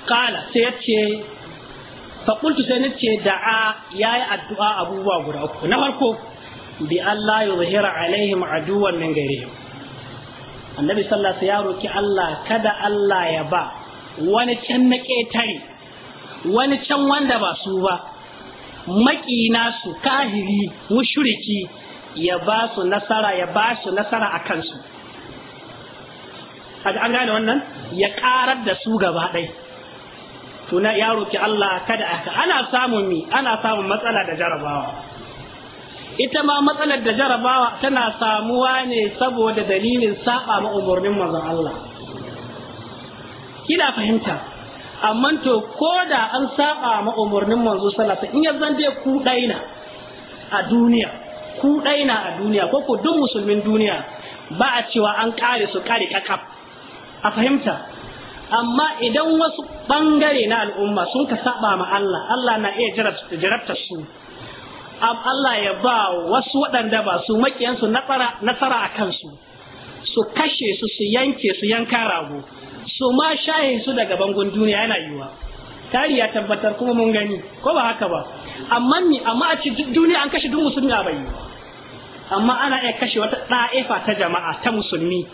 qala sai yace faƙultu sai ni ce da'a ya yi addu'a abubuwa guda uku na farko bi Allah ya zuhira alaihim aduwan min gairihim annabi sallallahu ya roki Allah kada Allah ya ba wani can na ƙetare wani can wanda ba su ba maƙina su kahiri mushriki ya ba su nasara ya ba su nasara a kansu an gane wannan ya ƙarar da su gaba ɗaya tuna yaro ki Allah kada aka ana samun mi ana samun matsala da jarabawa ita ma matsalar da jarabawa tana samuwa ne saboda dalilin saba ma umarnin manzon Allah kina fahimta amma to ko da an saba ma umarnin manzo sallallahu in ya zande ku daina a duniya ku daina a duniya ko ku duk musulmin duniya ba a cewa an kare su kare kakaf a fahimta amma idan wasu ɓangare na al'umma sun ka saba ma Allah Allah na iya jarabtar su Allah ya ba wasu waɗanda ba su makiyansu nasara a kansu su kashe su su yanke su yanka rago su ma shaye su daga bangon duniya yana yiwa tariya tabbatar kuma mun gani ko ba haka ba amma ni amma a ci duniya an kashe duk musulmi a bai amma ana iya kashe wata ɗa'ifa ta jama'a ta musulmi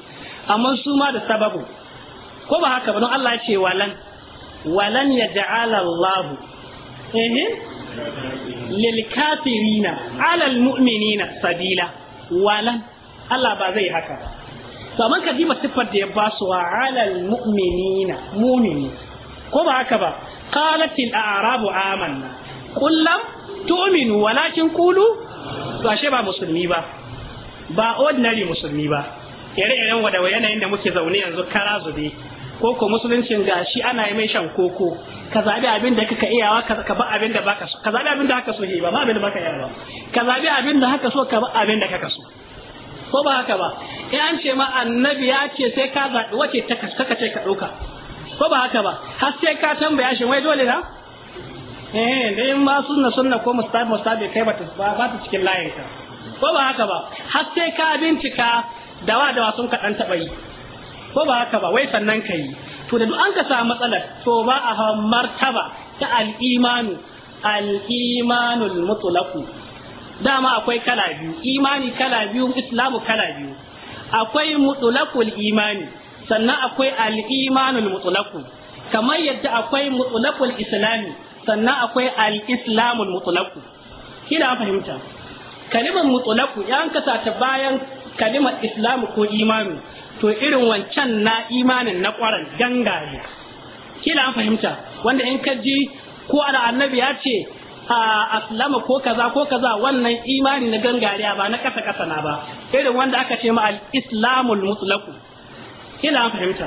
amma su ma da sababu ko ba haka ba don Allah ce walan walan ya ja'ala Allah eh lil kafirina alal mu'minina sabila walan Allah ba zai haka to amma siffar da ya ba su wa alal mu'minina mu'mini ko ba haka ba qalat al a'rabu amanna qul lam tu'minu walakin qulu to ashe ba musulmi ba ba ordinary musulmi ba ire-iren wadawa yanayin da muke zaune yanzu kara zube Koko musuluncin ga shi ana yi mai shan koko ka zabi abin da kaka iyawa ka ba abin da baka so ka zabi abin da haka so ba ba abin da baka yawa. ka zabi abin da haka so ka ba abin da kaka so ko ba haka ba in an ce ma annabi ya ce sai ka zabi wace ta kaka ce ka ɗauka ko ba haka ba har sai ka tambaya shi wai dole na eh da in ma sunna sunna ko mustafa mustafa kai ba ta ba ta cikin layinka. ko ba haka ba har sai ka bincika dawa dawa sun ka dan yi ko ba haka ba wai sannan ka yi to da duk an ka samu matsalar to ba a hawa martaba ta al'imanu al'imanul mutlaqu dama akwai kala biyu imani kala biyu islamu kala biyu akwai mutlaqul imani sannan akwai al'imanul mutlaqu kamar yadda akwai mutlaqul islami sannan akwai al-islamul mutlaqu kina fahimta kalimar mutlaqu yan kasata bayan kalimar islamu ko imani to irin wancan na imanin na kwaran gangare kila an fahimta wanda in ka ji ko ala annabi ya ce a aslama ko kaza ko kaza wannan imani na gangariya ba na kasa kasa na ba irin wanda aka ce ma al-islamul mutlaku kila an fahimta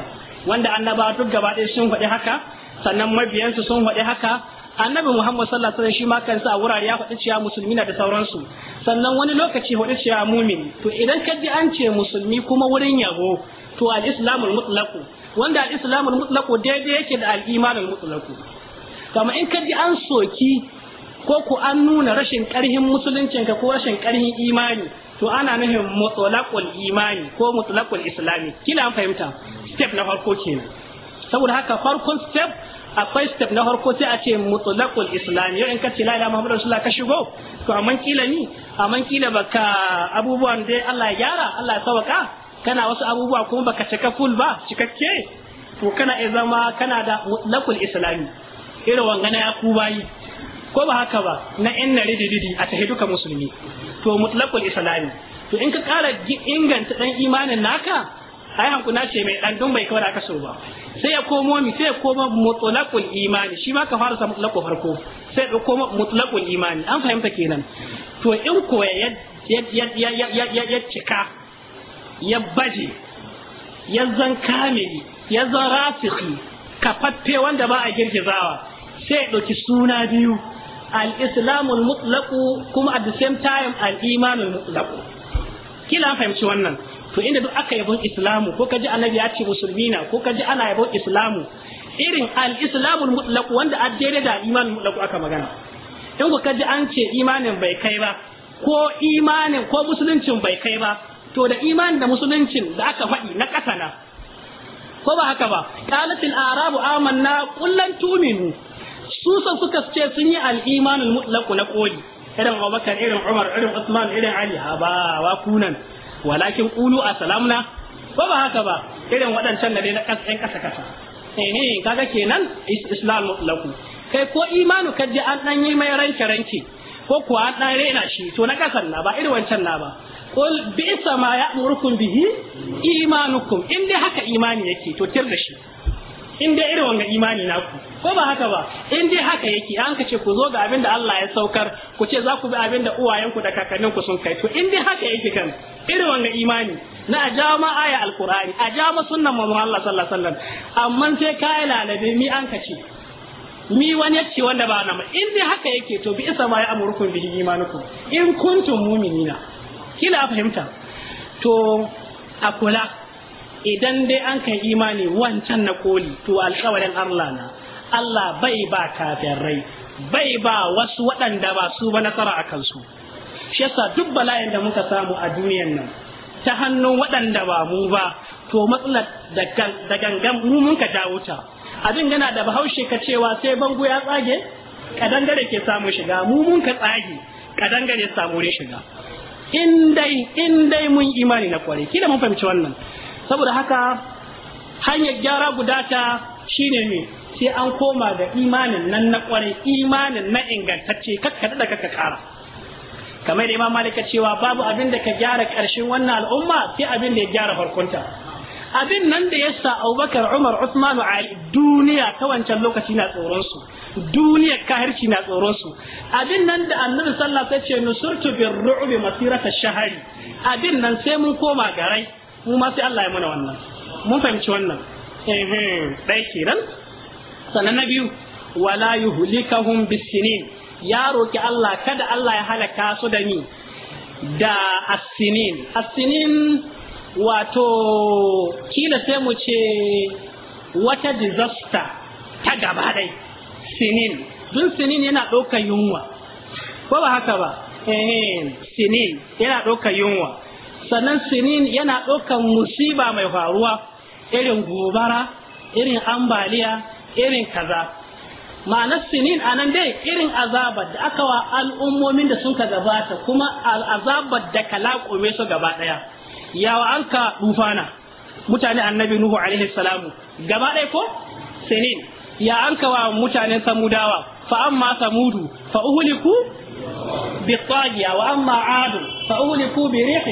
wanda annabawa duk gaba ɗaya sun faɗi haka sannan mabiyansu sun faɗi haka annabi muhammad sallallahu alaihi wasallam shi ma kansa a wurare ya faɗi cewa musulmi na da sauransu sannan wani lokaci faɗi cewa mumin to idan ka ji an ce musulmi kuma wurin yabo to al-islamul mutlaqu wanda al-islamul mutlaqu daidai yake da al-imanul mutlaqu kama in ka ji an soki ko ku an nuna rashin karhin musuluncin ka ko rashin karhin imani to ana nufin mutlaqul imani ko mutlaqul islami kina an fahimta step na farko kenan saboda haka farkon step akwai step na harko sai a ce mutlaqul islam yau in ka ce la ilaha muhammadu rasulullah ka shigo to amman kila ni amman kila baka abubuwan dai Allah ya gyara Allah ya sauka kana wasu abubuwa kuma baka cika full ba cikakke to kana iya zama kana da mutlaqul islami irin wangana ya ku bayi ko ba haka ba na yan nare a tahi duka musulmi to mutlaqul islami to in ka kara inganta dan imanin naka ai hankuna ce mai dan dun bai kawar aka so ba sai ya komo mi sai ya komo mutlaqul imani shi ma ka fara sa mutlaqo farko sai ya komo mutlaqul imani an fahimta kenan to in ko ya ya ya ya cika ya baje ya zan kamili ya zan rasikhi kafaffe wanda ba a girgizawa sai ya ɗauki suna biyu al-islamul mutlaqu kuma at the same time al-imanul mutlaqu kila an fahimci wannan to inda duk aka yabon islamu ko kaji annabi ya ce musulmina, ko ka ji ana yabon islamu irin al-islamul mutlaq wanda a da imanin mutlaq aka magana in ku ji an ce imanin bai kai ba ko imanin ko musuluncin bai kai ba to da imanin da musuluncin da aka faɗi na ƙasa na ko ba haka ba qalatil arabu amanna kullan tuminu su suka ce sun yi al-imanul mutlaq na koli irin Abubakar irin Umar irin Usman irin Ali ha ba wa kunan walakin a salamna, ba ba haka ba irin waɗancan da na kasa ɗan ƙasa kasa eh kaga kenan islam mutlaku kai ko imanu kaje an dan yi mai ranke ranke ko kuwa an dan rena shi to na ƙasan na ba irin wancan na ba qul bi'sa ma ya'murukum bihi imanukum in dai haka imani yake to tir da shi in dai irin wanga imani naku ko ba haka ba in dai haka yake an ka ce ku zo ga abin da Allah ya saukar ku ce za ku bi abin da uwayenku da kakanninku sun kai to in dai haka yake kan irin wanga imani na a jawo ma aya alkur'ani a jawo ma sunnan mamman Allah sallallahu alaihi wasallam amma sai kai lalabe mi an ka ce mi wani ce wanda ba na ma in dai haka yake to bi isa ma ya amurkum bihi imanukum in kuntum mu'minina kila fahimta to a kula idan dai an kan imani wancan na koli to alkawarin Allah na Allah bai ba kafirai bai ba wasu waɗanda ba su ba nasara a kansu shi yasa duk bala'in da muka samu a duniyan nan ta hannu waɗanda ba mu ba to matsalar da gangan mu mun ka dawo ta abin gana da bahaushe ka cewa sai bango ya tsage kadangare ke samu shiga mu mun ka tsage kadangare samu ne shiga in dai in mun imani na kware kila mun fahimci wannan saboda haka hanyar gyara guda ta shine ne sai an koma ga imanin nan na kwarai imanin na ingantacce kakka da kakka kara kamar imam malika cewa babu abin da ka gyara karshen wannan al'umma sai abin da ya gyara farkonta abin nan da yasa sa abubakar umar usman ali duniya ta wancan lokaci na tsoron su duniyar kahirci na tsoron su abin nan da annabi sallallahu alaihi wasallam ya ce nusurtu birru'bi masirata shahari abin nan sai mun koma garai mu ma sai Allah ya muna wannan mun fahimci wannan eh dai sannan na biyu wala yuhlikahum bisinin ya roki Allah kada Allah ya halaka su da ni da asinin asinin wato kila sai mu ce wata disaster ta gaba dai sinin dun sinin yana ɗaukar yunwa ko ba haka ba sinin yana ɗaukar yunwa sannan sinin yana ɗaukan musiba mai faruwa irin gobara irin ambaliya irin kaza ma'anar sinin a nan dai irin azabar da aka wa al'ummomin da suka gabata kuma azabar da kalakume su gaba ɗaya yawa an ka dufana mutane annabi nuhu alaihi salamu gaba ɗaya ko sinin ya an wa mutanen samudawa fa amma samudu fa uhuliku بالطاغية وأما عاد فأهلكوا بريح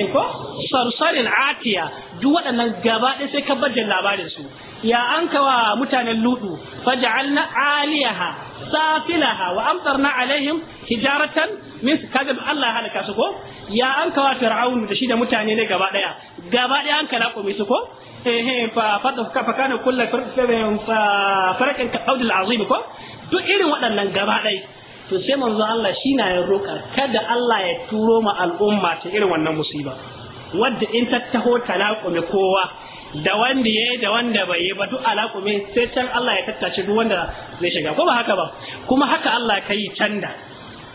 Sarsarin عاتية duk waɗannan gaba ɗaya sai ka bajin labarin su ya an kawa mutanen ludu faj'alna aliyaha safilaha wa amtarna alaihim hijaratan min kaga Allah ya halaka su ko ya an kawa fir'aun da shi da mutane ne gaba ɗaya gaba ɗaya an kala kome su ko eh eh fa fadu ka fakana kullu ka azim ko duk irin waɗannan gaba ɗaya to sai manzo Allah shi na ya roƙa kada Allah ya turo ma al'umma ta irin wannan musiba wadda in ta taho talaƙume kowa da wanda ya yi da wanda bai yi ba duk alaƙume sai can Allah ya tattace duk wanda zai shiga ko ba haka ba kuma haka Allah ka yi can da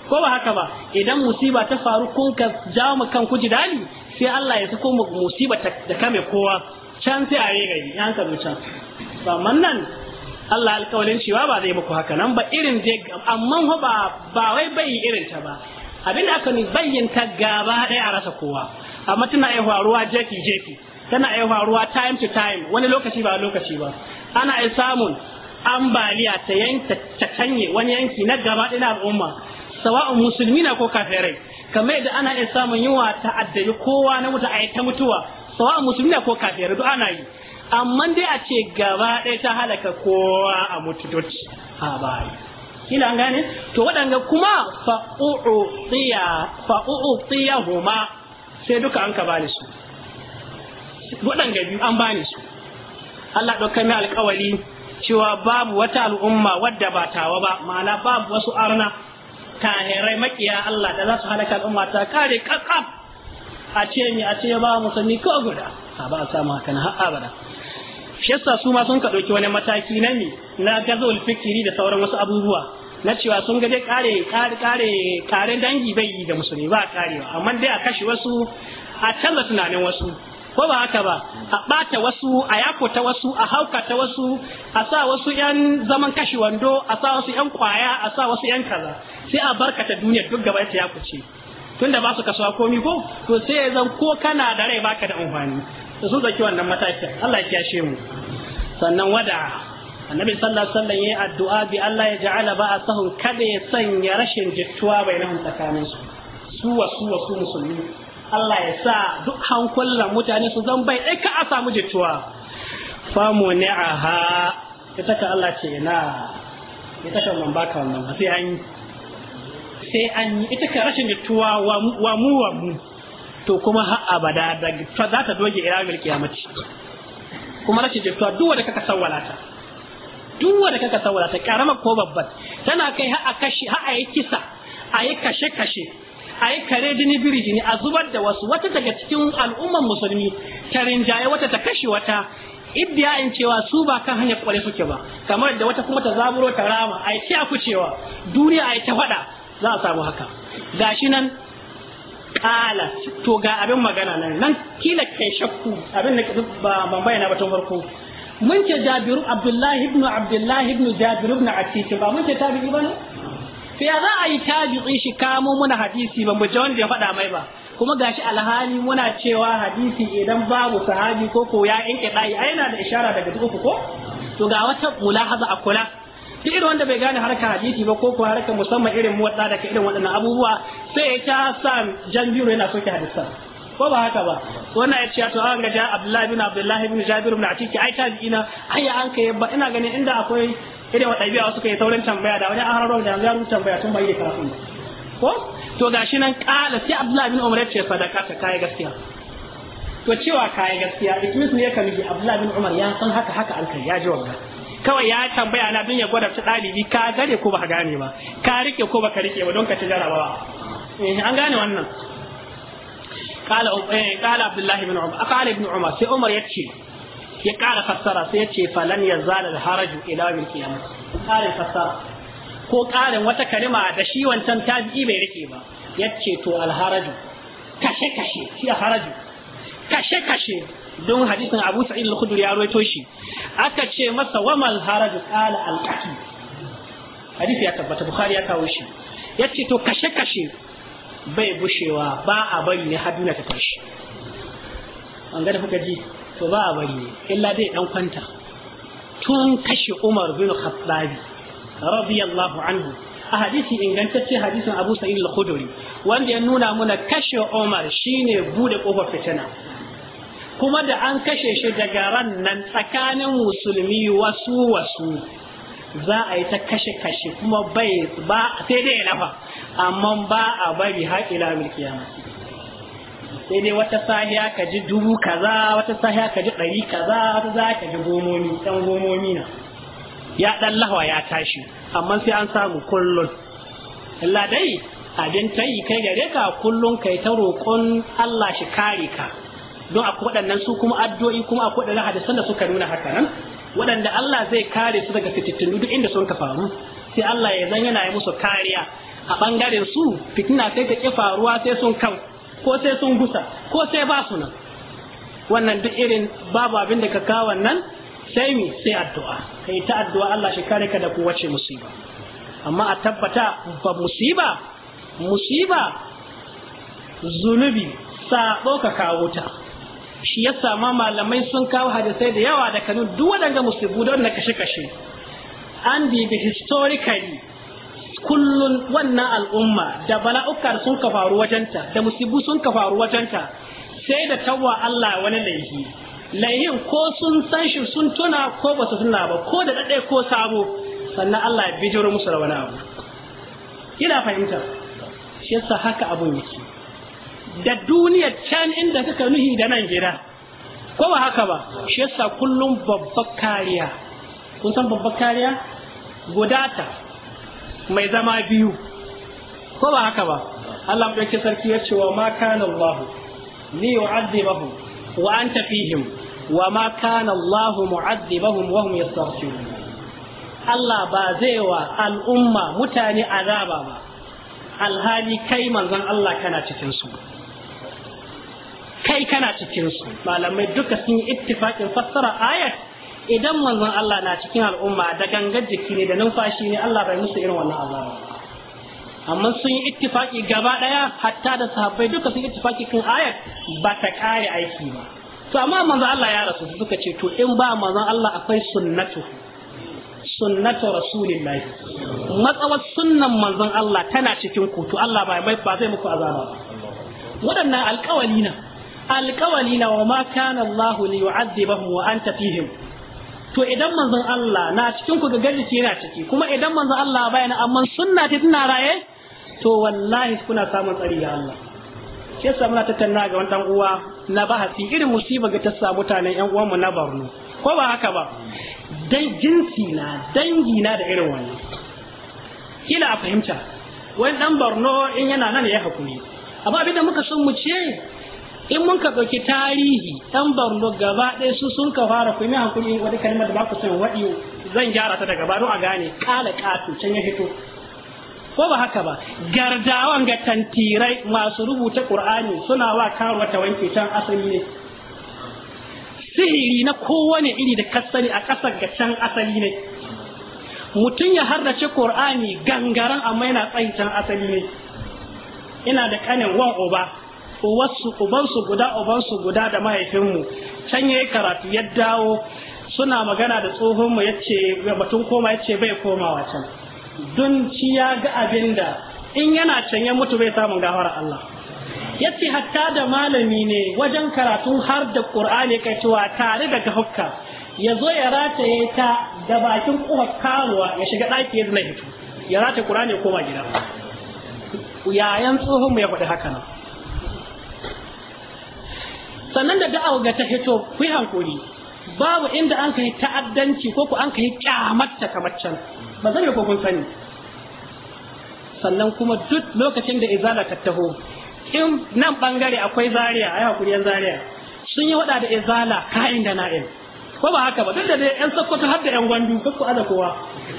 ko ba haka ba idan musiba ta faru kun ka ja mu kan kuji dali sai Allah ya sako mu musiba ta kame kowa can sai a yi gari an ka can ba nan Allah alkawalin cewa ba zai muku haka nan ba irin je amma ba ba wai bai irin ta ba abin da aka bayyanta gaba ɗaya a rasa kowa amma tana iya faruwa jefi jefi tana iya faruwa time to time wani lokaci ba lokaci ba ana iya samun ambaliya ta yanka ta canye wani yanki na gaba ɗaya na al'umma sawa'un musulmi na ko kafirai kamar yadda ana iya samun yunwa ta addabi kowa na mutu a ta mutuwa sawa'un musulmi na ko kafirai duk ana yi amma dai a ce gaba ɗaya ta halaka kowa a mutu doci a baya kila an gane to waɗanga kuma Fa'u'u fa'u'utsiya huma sai duka an ka bani su waɗanga biyu an bani su Allah ɗauka mai alƙawari cewa babu wata al'umma wadda ba tawa ba ma'ana babu wasu arna tahirai makiya Allah da za su halaka al'umma ta kare kakaf a ce mi a ce ba musulmi ko guda a ba a samu hakan har abada shi yasa su ma sun ka ɗauki wani mataki na mi na gazol fikiri da sauran wasu abubuwa na cewa sun ga dai kare dangi bai yi da musulmi ba karewa amma dai a kashe wasu a canza tunanin wasu ko ba haka ba a ɓata wasu a yakota wasu a haukata wasu a sa wasu yan zaman kashe wando a sa wasu yan kwaya a sa wasu yan kaza sai a barkata duniya duk gaba ta yakuce tunda ba su kasuwa komi ko to sai ya zan ko kana da rai baka da amfani to sun zaki wannan matakin Allah ya kiyashe mu sannan wada annabi sallallahu alaihi wasallam yayi addu'a bi Allah ya ja'ala asahum kada ya sanya rashin jittuwa bainahum tsakanin su su wa su wa su musulmi Allah ya sa duk hankulan mutane su zan bai ka a samu jittuwa famu ni'aha ita ka Allah ce na ita ka man baka wannan sai an sai an ita ka rashin jittuwa wa mu wa mu to kuma har abada da za ta doge ila mil kiyamati kuma rashin jituwa duk da kaka sawwala ta duk kaka sawwala ta karama ko babbar tana kai har a kashi har a yi kisa a yi kashe kashe a yi kare jini biri jini a zubar da wasu wata daga cikin al'umman musulmi ta rinjaye wata ta kashe wata iddiya in cewa su ba kan hanyar kware suke ba kamar da wata kuma ta zaburo ta rama a yi ta kucewa duniya a yi ta faɗa za a samu haka gashi nan kala to ga abin magana nan nan kila kai shakku abin da ba ban bayyana ba tun farko mun ce jabiru abdullahi ibn abdullahi ibn jabir ibn atiq ba mun ce tabi'i ba ne fa ya za a yi tabi'i shi kamo muna hadisi ba mu ji wanda ya faɗa mai ba kuma gashi alhali muna cewa hadisi idan babu sahabi ko ko ya yanke dai ai yana da ishara daga duk ko to ga wata mulahaza a kula shi irin wanda bai gane harkar hadisi ba ko kuwa harkar musamman irin muwadda da irin waɗannan abubuwa sai ya ta sa jan biro yana soke hadisa ko ba haka ba wannan ya ce to an ga Abdullahi bin Abdullahi bin Jabir bin Atiki ai ina ai an kai ba ina ganin inda akwai irin biya suka yi saurin tambaya da wani an hararo da ya rubuta tambaya tun bai da karatu ko to gashi nan kala sai Abdullahi bin Umar ya ce sadaka ta kai gaskiya to cewa kai gaskiya it means ne ka miji Abdullahi bin Umar ya san haka haka alkai ya ji wannan kawai ya tambaya na dun ya gwada su ɗalibi ka gane ko ba gane ba ka rike ko ba ka rike ba don ka ci jarabawa eh, an gane wannan Kala eh, Abdullahi bin قال قال عبد الله بن عمر قال ابن عمر سي عمر يكشي يقال فسر سي يكشي فلن haraju. الحرج الى يوم القيامه قال fassara. ko karin wata kalima da shi wancan tabi'i bai rike ba Ya ce to alharaju kashe kashe shi alharaju kashe kashe don hadisin Abu Sa'id al-Khudri ya rawaito shi aka ce masa wamal haraju qala alqati hadisi ya tabbata bukhari ya kawo shi yace to kashe kashe bai bushewa ba a bari ne haduna ta tashi an ga da kuka ji to ba a bari ne illa dai dan kwanta tun kashe Umar bin khattabi radiyallahu anhu a hadisi ingantacce hadisin Abu Sa'id al-Khudri wanda ya nuna muna kashe Umar shine bude kofar fitina kuma da an kashe shi daga ran nan tsakanin musulmi wasu wasu za a yi ta kashe kashe kuma bai ba sai dai nafa amma ba a bari har ila milkiyama sai dai wata sahiya ka ji dubu kaza wata sahiya ka ji ɗari kaza wata za ka ji gomomi ɗan gomomi na ya ɗan lahawa ya tashi amma sai an samu kullum Allah dai abin tayi kai gare ka kullum kai ta roƙon Allah shi kare ka don akwai waɗannan su kuma addu'o'i kuma akwai waɗannan hadisan da suka nuna haka nan waɗanda Allah zai kare su daga fitittun duk inda sun ka faru sai Allah ya zan yana yi musu kariya a bangaren su fitina sai ta ƙi faruwa sai sun kan ko sai sun gusa ko sai ba su nan wannan duk irin babu abin da ka kawo nan sai mi sai addu'a kai ta addu'a Allah shi kare ka da kowace musiba amma a tabbata ba musiba musiba zunubi sabo ka kawo ta shi ya sama malamai sun kawo hadisai da yawa da kanu duk waɗanda musibu don na kashe-kashe an bibi historically kullun wannan al'umma da bala'ukar sun ka faru wajenta da musibu sun ka faru wajenta sai da tawa Allah wani laihi laihin ko sun san shi sun tuna ko ba su tuna ba ko da daɗe ko sabo sannan Allah ya bijiro musu da wani abu ina fahimta shi yasa haka abun yake da duniyar can inda suka nuhi da nan gida ko ba haka ba shi yasa kullum babbar kariya kun san babbar kariya gudata mai zama biyu ko ba haka ba Allah ya mai sarki ya ce wa ma kana Allah ni yu'adhibuhum wa anta fihim wa ma kana Allah mu'adhibuhum wa hum yastaghfirun Allah ba zai wa al'umma mutane azaba ba alhali kai manzon Allah kana cikin su kai kana cikin su malamai duka sun yi ittifaqin fassara ayat idan manzon Allah na cikin al'umma da gangar jiki ne da numfashi ne Allah bai musu irin wannan azaba amma sun yi ittifaqi gaba ɗaya hatta da sahabbai duka sun yi ittifaqi kan ayat ba ta kare aiki ba to amma manzon Allah ya rasu suka ce to in ba manzon Allah akwai sunnatu sunnatu rasulillahi matsawar sunnan manzon Allah tana cikin ku to Allah ba zai muku azaba ba waɗannan alƙawari na alkawali na wa ma na Allah li yu'adhibahum wa tafi him. to idan manzon Allah na cikin ku ga gaji yana ciki kuma idan manzon Allah na amma sunna ta tana raye to wallahi kuna samun tsari ga Allah ke sa muna tattauna ga wani dan uwa na bahasi irin musiba ga ta samu mutanen yan uwanmu na barno, ko ba haka ba jinsi na dangi na da irin wannan kila a fahimta wani dan Borno in yana nan ya hakuri amma abinda muka san mu ce in mun ka ɗauki tarihi ɗan barno gaba ɗaya su sun ka fara ku yi hankuli wani kalmar da ba ku san waɗi zan gyara ta daga baro a gane kala ƙato can ya fito ko ba haka ba gardawan ga tantirai masu rubuta ƙur'ani suna wa karuwa ta wanke can asali ne sihiri na kowane iri da kasani a ƙasar ga can asali ne mutum ya hardace ƙur'ani gangaran amma yana tsayin can asali ne ina da kanin wan oba uwarsu ubansu guda ubansu guda da mahaifinmu can yayi karatu ya dawo suna magana da tsohonmu ya ce batun koma ya ce bai komawa can don ci ya ga abin da in yana can ya mutu bai samun gafara Allah ya ce hatta da malami ne wajen karatu har da ƙur'ani kai cewa tare da hukka ya zo ya rataye ta da bakin ƙofar ya shiga ɗaki ya zina hito ya rataye ƙur'ani ya koma gida yayan tsohonmu ya faɗi haka nan sannan da da'awa ga ta hito ku yi hankuri babu inda an kai ta'addanci ko ku an kai kyamata kamar can ba zan ko kun sani sannan kuma duk lokacin da izala ta taho in nan bangare akwai zaria ai hakuri yan zaria sun yi wada da izala kain da na'in ko ba haka ba duk da dai yan sakkwato har da yan gwandu ko aza kowa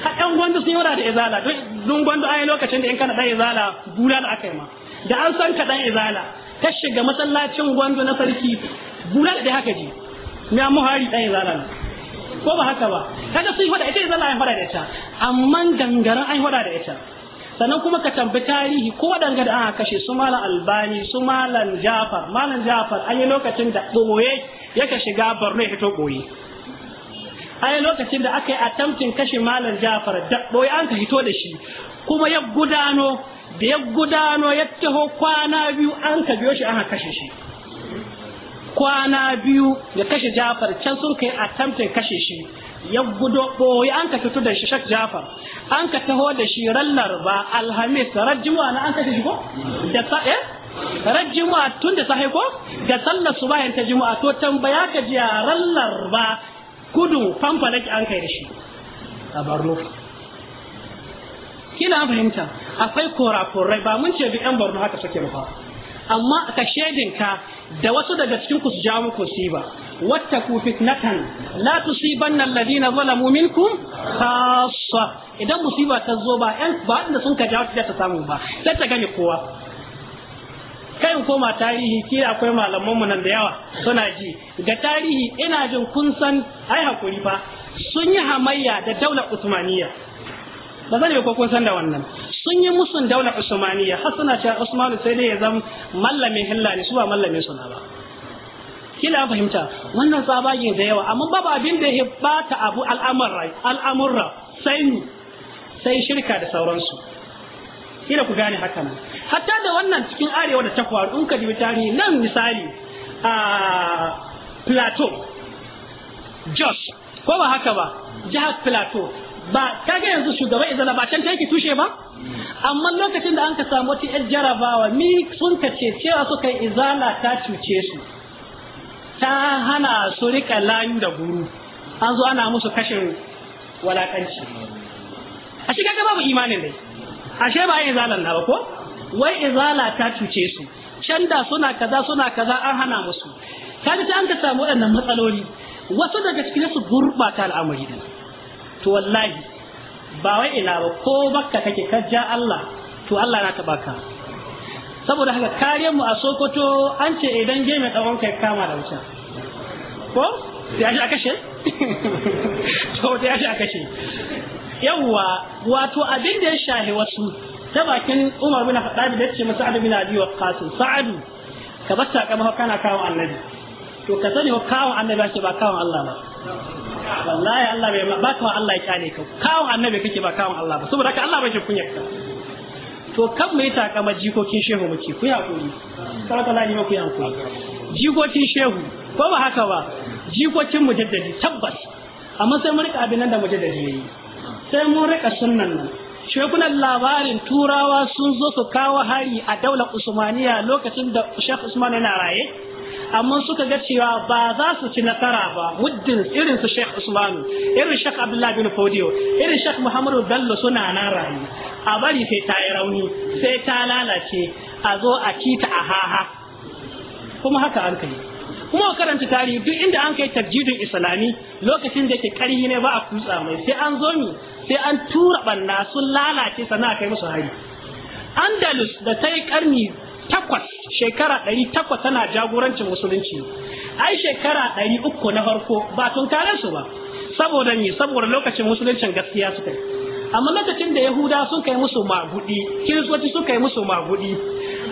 har yan gwandu sun yi wada da izala duk dun gwandu ai lokacin da in kana dan izala aka akai ma da an san ka dan izala ta shiga masallacin gwando na sarki gura da haka ji ya muhari ɗaya zalan ko ba haka ba kaga sun hada ita zalla ya hada da ita amma gangaran ai hada da ita sannan kuma ka tambi tarihi ko waɗanda da aka kashe su malam albani su malam jafar malam jafar an yi lokacin da boye yake shiga borno ya fito ɓoye an yi lokacin da aka yi attempting kashe malam jafar da boye an ka hito da shi kuma ya gudano da ya gudano ya taho kwana biyu an ka biyo shi an kashe shi kwana biyu ya kashe jafar can sun kai attempting kashe shi ya gudo boye an ka fito da shi shak jafar an ka taho da shi ran larba alhamis rajjuma na an kashe shi ko da sa eh rajjuma tun da sahi ko da sallar subahin ta juma'a to tambaya ka jiya ran larba kudu fanfalaki an kai da shi a barno kina fahimta akwai korakorai ba mun ce bi yan borno haka suke ba amma ka shedinka da wasu daga cikin ku su ja muku ba wattaku fitnatan la nan alladhina zalamu minkum khassa idan musiba ta zo ba yan ba inda sun ka jawo ta samu ba sai ta gani kowa kai koma tarihi ki akwai malaman mu nan da yawa suna ji ga tarihi ina jin kun san ai hakuri fa sun yi hamayya da daular Usmaniyya ba zan ko kun san da wannan sun yi musun daular usmaniyya har suna cewa usmanu sai dai ya zama mallamin hilla ne su ba mallamin suna ba kila fahimta wannan tsabagen da yawa amma babu abin da ya bata abu al'amurra al'amurra sai sai shirka da sauransu kila ku gane haka nan hatta da wannan cikin arewa da ta in ka dubi tarihi nan misali a plateau jos ko ba haka ba jihar plateau ba kage yanzu shugaban izala ba can take tushe ba amma lokacin da an ka samu wata yar jarabawa mi sun ka ce cewa suka yi izala ta cuce su ta hana su rika layu da guru an zo ana musu kashin walakanci a shi kaga babu imanin dai ashe ba yin izalan na ba ko wai izala ta cuce su can da suna kaza suna kaza an hana musu kaji ta an ka samu waɗannan matsaloli wasu daga cikin su gurɓata al'amari din to wallahi ba wai ina ba ko bakka kake ka ja Allah to Allah na taba ka saboda haka kariyar mu a Sokoto an ce idan game mai tsawon kai kama da wuta ko ya ji a kashe to ya ji a kashe yawwa wato abin da ya shahi wasu ta bakin Umar bin Khattab da ce masa Sa'ad bin Abi Qasim Sa'adu ka bata kama kana kawo annabi to ka sani ko kawo annabi ba kawo Allah ba wallahi Allah bai ba kawai Allah ya kyale ka kawon annabi kake ba kawon Allah ba saboda haka Allah bai shi kunya ka to kan mu yi takama jikokin shehu muke ku hakuri kar ka lani ku hakuri jikokin shehu ko ba haka ba jikokin mujaddadi tabbas amma sai mun rika abin nan da mujaddadi yayi sai mun rika sunnan nan shekunan labarin turawa sun zo su kawo hari a daular usmaniya lokacin da shekh usman yana raye amma suka ga cewa ba za su ci nasara ba muddin irin su Sheikh Usman irin Sheikh Abdullah bin Fodiyo irin Sheikh Muhammadu Bello suna nan rayu a bari sai ta yi rauni sai ta lalace a zo a kita a haha kuma haka an kai kuma karanta tarihi duk inda an kai tarjidin islami lokacin da yake karyi ne ba a kutsa mai sai an zo mi sai an tura banna sun lalace sana kai musu hari andalus da ta yi karni takwas shekara ɗari takwas tana jagorancin musulunci ai shekara ɗari uku na farko ba tun kare su ba saboda ni saboda lokacin musuluncin gaskiya suka yi amma lokacin da yahuda sun kai musu magudi kiristoci suka yi musu magudi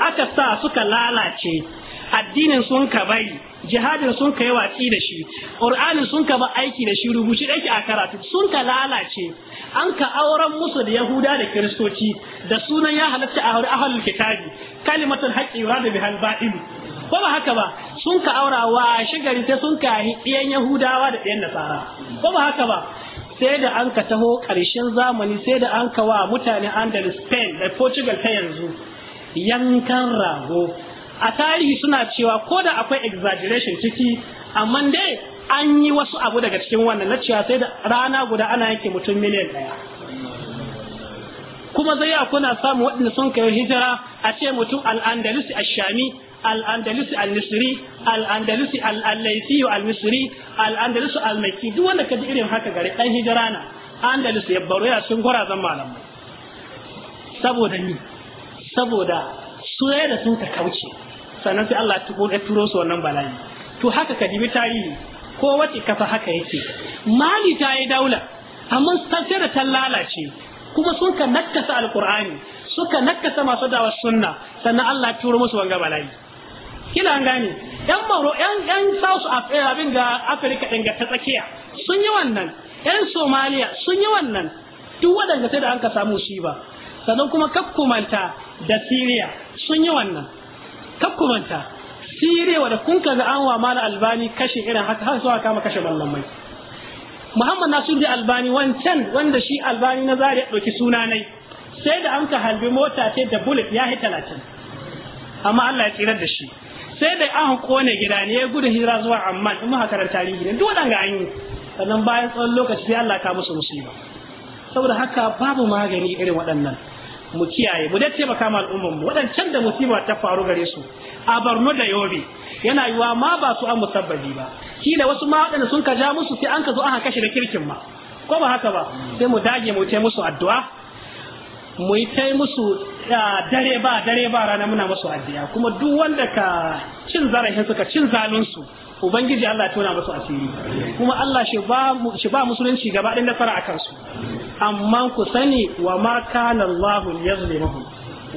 aka sa suka lalace addinin sun ka bari jihadin sun ka yi watsi da shi ƙur'anin sun ka ba aiki da shi rubuci ɗaki a karatu sun ka lalace an ka auren musu da yahuda da kiristoci da sunan ya halatta a aure ahlul kitabi kalimatul wa da bihal ba'in ko ba haka ba sun ka aura wa shigari sai sun ka ɗiyan yahudawa da ɗiyan nasara ko ba haka ba sai da an ka taho ƙarshen zamani sai da an ka wa mutane andalus spain da portugal ta yanzu yankan rago a tarihi suna cewa ko da akwai exaggeration ciki amma dai an yi wasu abu daga cikin wannan na cewa sai da rana guda ana yanke mutum miliyan daya kuma zai ya kuna samu waɗanda sun kai hijira a ce mutum al'andalusi a Shami, al'andalusi al-misri al'andalusi al-laisi al-misri al'andalusi al-maki duk wanda ka ji irin haka gari ɗan hijira na andalus ya baro ya sun gora zan malamai saboda ni saboda su da sun ka kauce sannan sai Allah ya turo su wannan bala'i to haka ka dibi tarihi ko wace kasa haka yake mali ta yi daula amma da ta lalace kuma sun ka nakasa alqur'ani suka nakasa masu dawar sunna sannan Allah ya turo musu wanga bala'i kila an gane yan Maro, yan yan South Africa eh, abin ga Africa din ga ta tsakiya sun yi wannan yan Somalia sun yi wannan duk waɗanda sai da an ka samu shi ba sannan kuma kakkumanta da Syria sun yi wannan kakkumanta sire wa da kun ga an wa mana albani kashe irin haka har zuwa kama kashe mallamai muhammad nasiru da albani wancan wanda shi albani na zari ɗauki suna nai sai da an ka halbi mota ce da bullet ya yi talatin amma allah ya tsirar da shi sai da an kone gida ne ya gudu hijira zuwa amman in muka karanta tarihi ne duk waɗanga an yi sannan bayan tsawon lokaci sai allah ka musu musiba saboda haka babu magani irin waɗannan mu kiyaye mu dai taimaka ma al'ummar mu waɗancan da musiba ta faru gare su a barno da Yobe yana yiwa ma ba su an musabbabi ba da wasu ma wadanda sun kaja musu sai an ka zo aka kashe da kirkin ma ko ba haka ba sai mu dage mu ce musu addu'a mu yi tai musu dare ba dare ba rana muna musu addu'a kuma duk wanda ka cin zarafin suka cin zalunsu ubangiji Allah tona musu asiri kuma Allah shi ba shi ba musulunci gaba ɗin nasara a kansu amma ku sani wa ma kana Allah yazlimuhum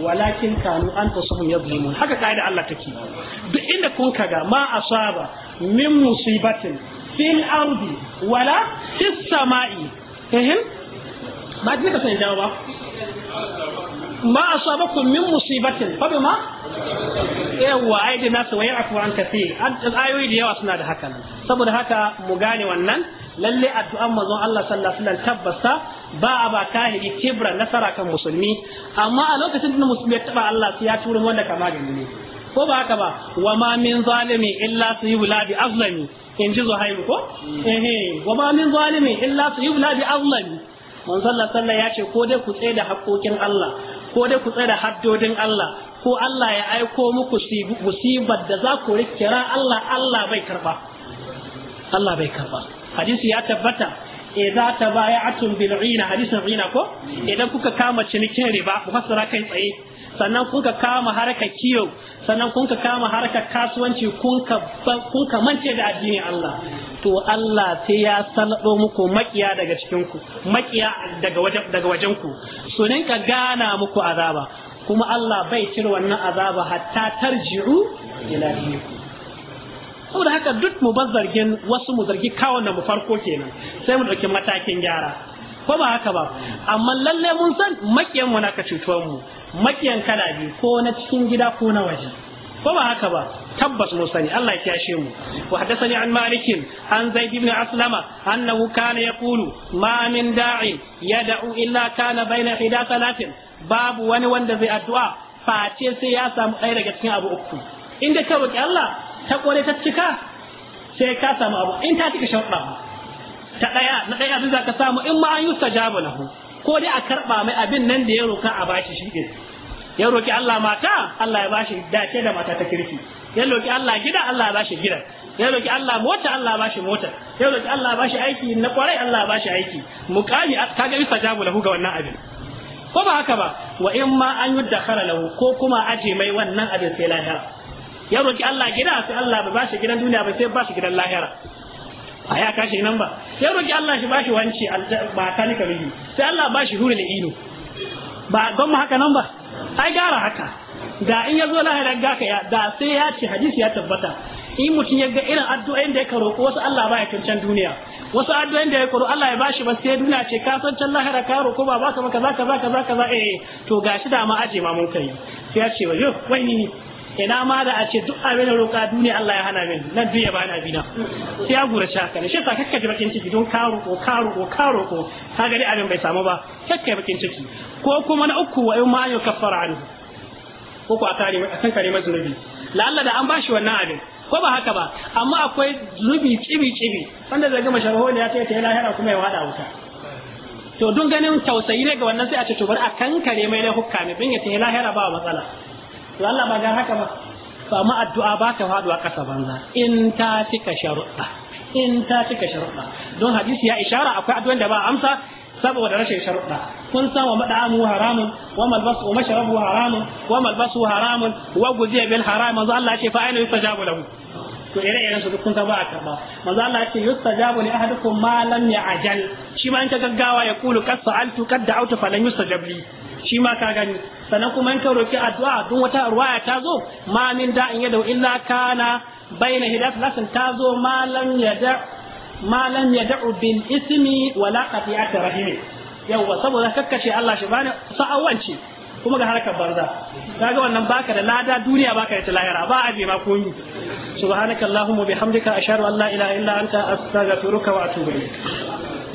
walakin kanu anfusuhum yazlimun haka kaida Allah take duk inda kun kaga ma asaba min musibatin fil ardi wala fis sama'i ehem ba ka san ba ma asabakum min musibatin fa bima yawa aidi nasu wa ya'fu an kathir ayoyi da yawa suna da haka nan saboda haka mu gane wannan lalle addu'an manzon Allah sallallahu alaihi wasallam tabbasa ba a ba kahiri kibra nasara kan musulmi amma a lokacin da musulmi ya taba Allah sai ya turo wanda kama da ne ko ba haka ba wa ma min zalimi illa su yi bi azlami in ji zuhaibu ko ehe wa ma min zalimi illa su yi bi azlami man sallallahu alaihi ya ce ko dai ku tsaye da haƙƙoƙin Allah ko dai ku tsada haddodin Allah ko Allah ya aiko muku musibar da za ku kira Allah Allah bai karba Allah bai karba hadisi ya tabbata idza tabaya'tum bil 'ina hadisin 'ina ko idan kuka kama cinikin riba mufassara kai tsaye sannan kun ka kama harkar kiyo sannan kun ka kama harkar kasuwanci kun ka mance da addinin Allah to Allah sai ya sanado muku makiya daga cikin ku makiya daga wajen daga wajen ku so ka gana muku azaba kuma Allah bai cire wannan azaba hatta tarji'u ila dinikum saboda haka duk mu bar zargin wasu mu zargi kawon da mu farko kenan sai mu ɗauki matakin gyara ko ba haka ba amma lalle mun san makiyan mu na mu makiyan kala biyu ko na cikin gida ko na waje ko ba haka ba tabbas mun sani Allah ya kiyashe mu wa hadathani an malik an zaid ibn aslama annahu kana yaqulu ma min da'i yad'u illa kana baina hida salatin babu wani wanda zai addu'a face sai ya samu ɗaya daga cikin abu uku inda ka roki Allah ta kore ta cika sai ka samu abu in ta cika sharuɗa ta ɗaya na ɗaya abin za ka samu in ma an yi stajabu lahu ko dai a karɓa mai abin nan da ya roka a bashi shi ɗin ya roki Allah mata Allah ya bashi dace da mata ta kirki ya roki Allah gida Allah ya bashi gida ya roki Allah mota Allah ya bashi mota ya roki Allah ya bashi aiki na kwarai Allah ya bashi aiki muqami ga bisa jabu lahu ga wannan abin ko ba haka ba wa in ma an yuddakhara lahu ko kuma aje mai wannan abin sai lahira ya roki Allah gida sai Allah ba bashi gidan duniya ba sai bashi gidan lahira a ya kashi nan ba ya roki Allah shi bashi wanci ba ta nika miji sai Allah bashi shi hurin ido ba don haka nan ba ai gara haka da in ya zo lahira gaka ya, da sai ya ce hadisi ya tabbata in mutum ya ga irin addu'o'in da ya karo ko wasu Allah ba ya cancan duniya wasu addu'o'in da ya karo Allah ya bashi ba sai duniya ce ka san can lahira ka roko ba baka maka za ka za ka za ka za eh, eh. to gashi da ma aje ma mun kai sai ya ce wa yo wai ina ma da a ce duk abin da roƙa duniya Allah ya hana min nan duniya ba na bina sai ya gura shaka ne shi sa kakka ji bakin ciki don ka ko ka ko ka ko ka gari abin bai samu ba kakka bakin ciki ko kuma na uku wa in ma an kaffara an ko ko a kan kare mai zunubi la'alla da an bashi wannan abin ko ba haka ba amma akwai zubi cibi cibi wanda zai gama masharho ne ya ce ta yi lahira kuma ya wada wuta to don ganin tausayi ne ga wannan sai a ce to bar a kankare mai na hukka ne bin ya ta yi lahira ba matsala to Allah ba gan haka ba to amma addu'a ba ta faduwa ƙasa banza in ta cika sharuɗa in ta cika sharuɗa don hadisi ya ishara akwai addu'an da ba amsa saboda rashin sharuɗa kun san wa mad'amu haramun wa malbasu wa mashrabu haramun wa malbasu haramun wa guziya bil haram manzo Allah ya ce fa aina yustajabu lahu to ire iren su duk kun ga ba a karba manzo Allah ya ce yustajabu li ahadikum ma lam ya'jal shi ma in ka gaggawa ya kulu qad sa'altu qad da'awtu falan yustajab li shi ma ka gani sannan kuma in ka roki addu'a don wata ruwaya ta zo ma min da'in yadda illa kana baina hidayat lasin ta zo ma lam yada ma lam yada'u bil ismi wala qati'at rahimi yawa saboda kakkashe Allah shi bani sa'awanci kuma ga harkar banza kaga wannan baka da lada duniya baka da lahira ba a ma komi subhanakallahumma bihamdika ashhadu an la ilaha illa anta astaghfiruka wa atubu ilayk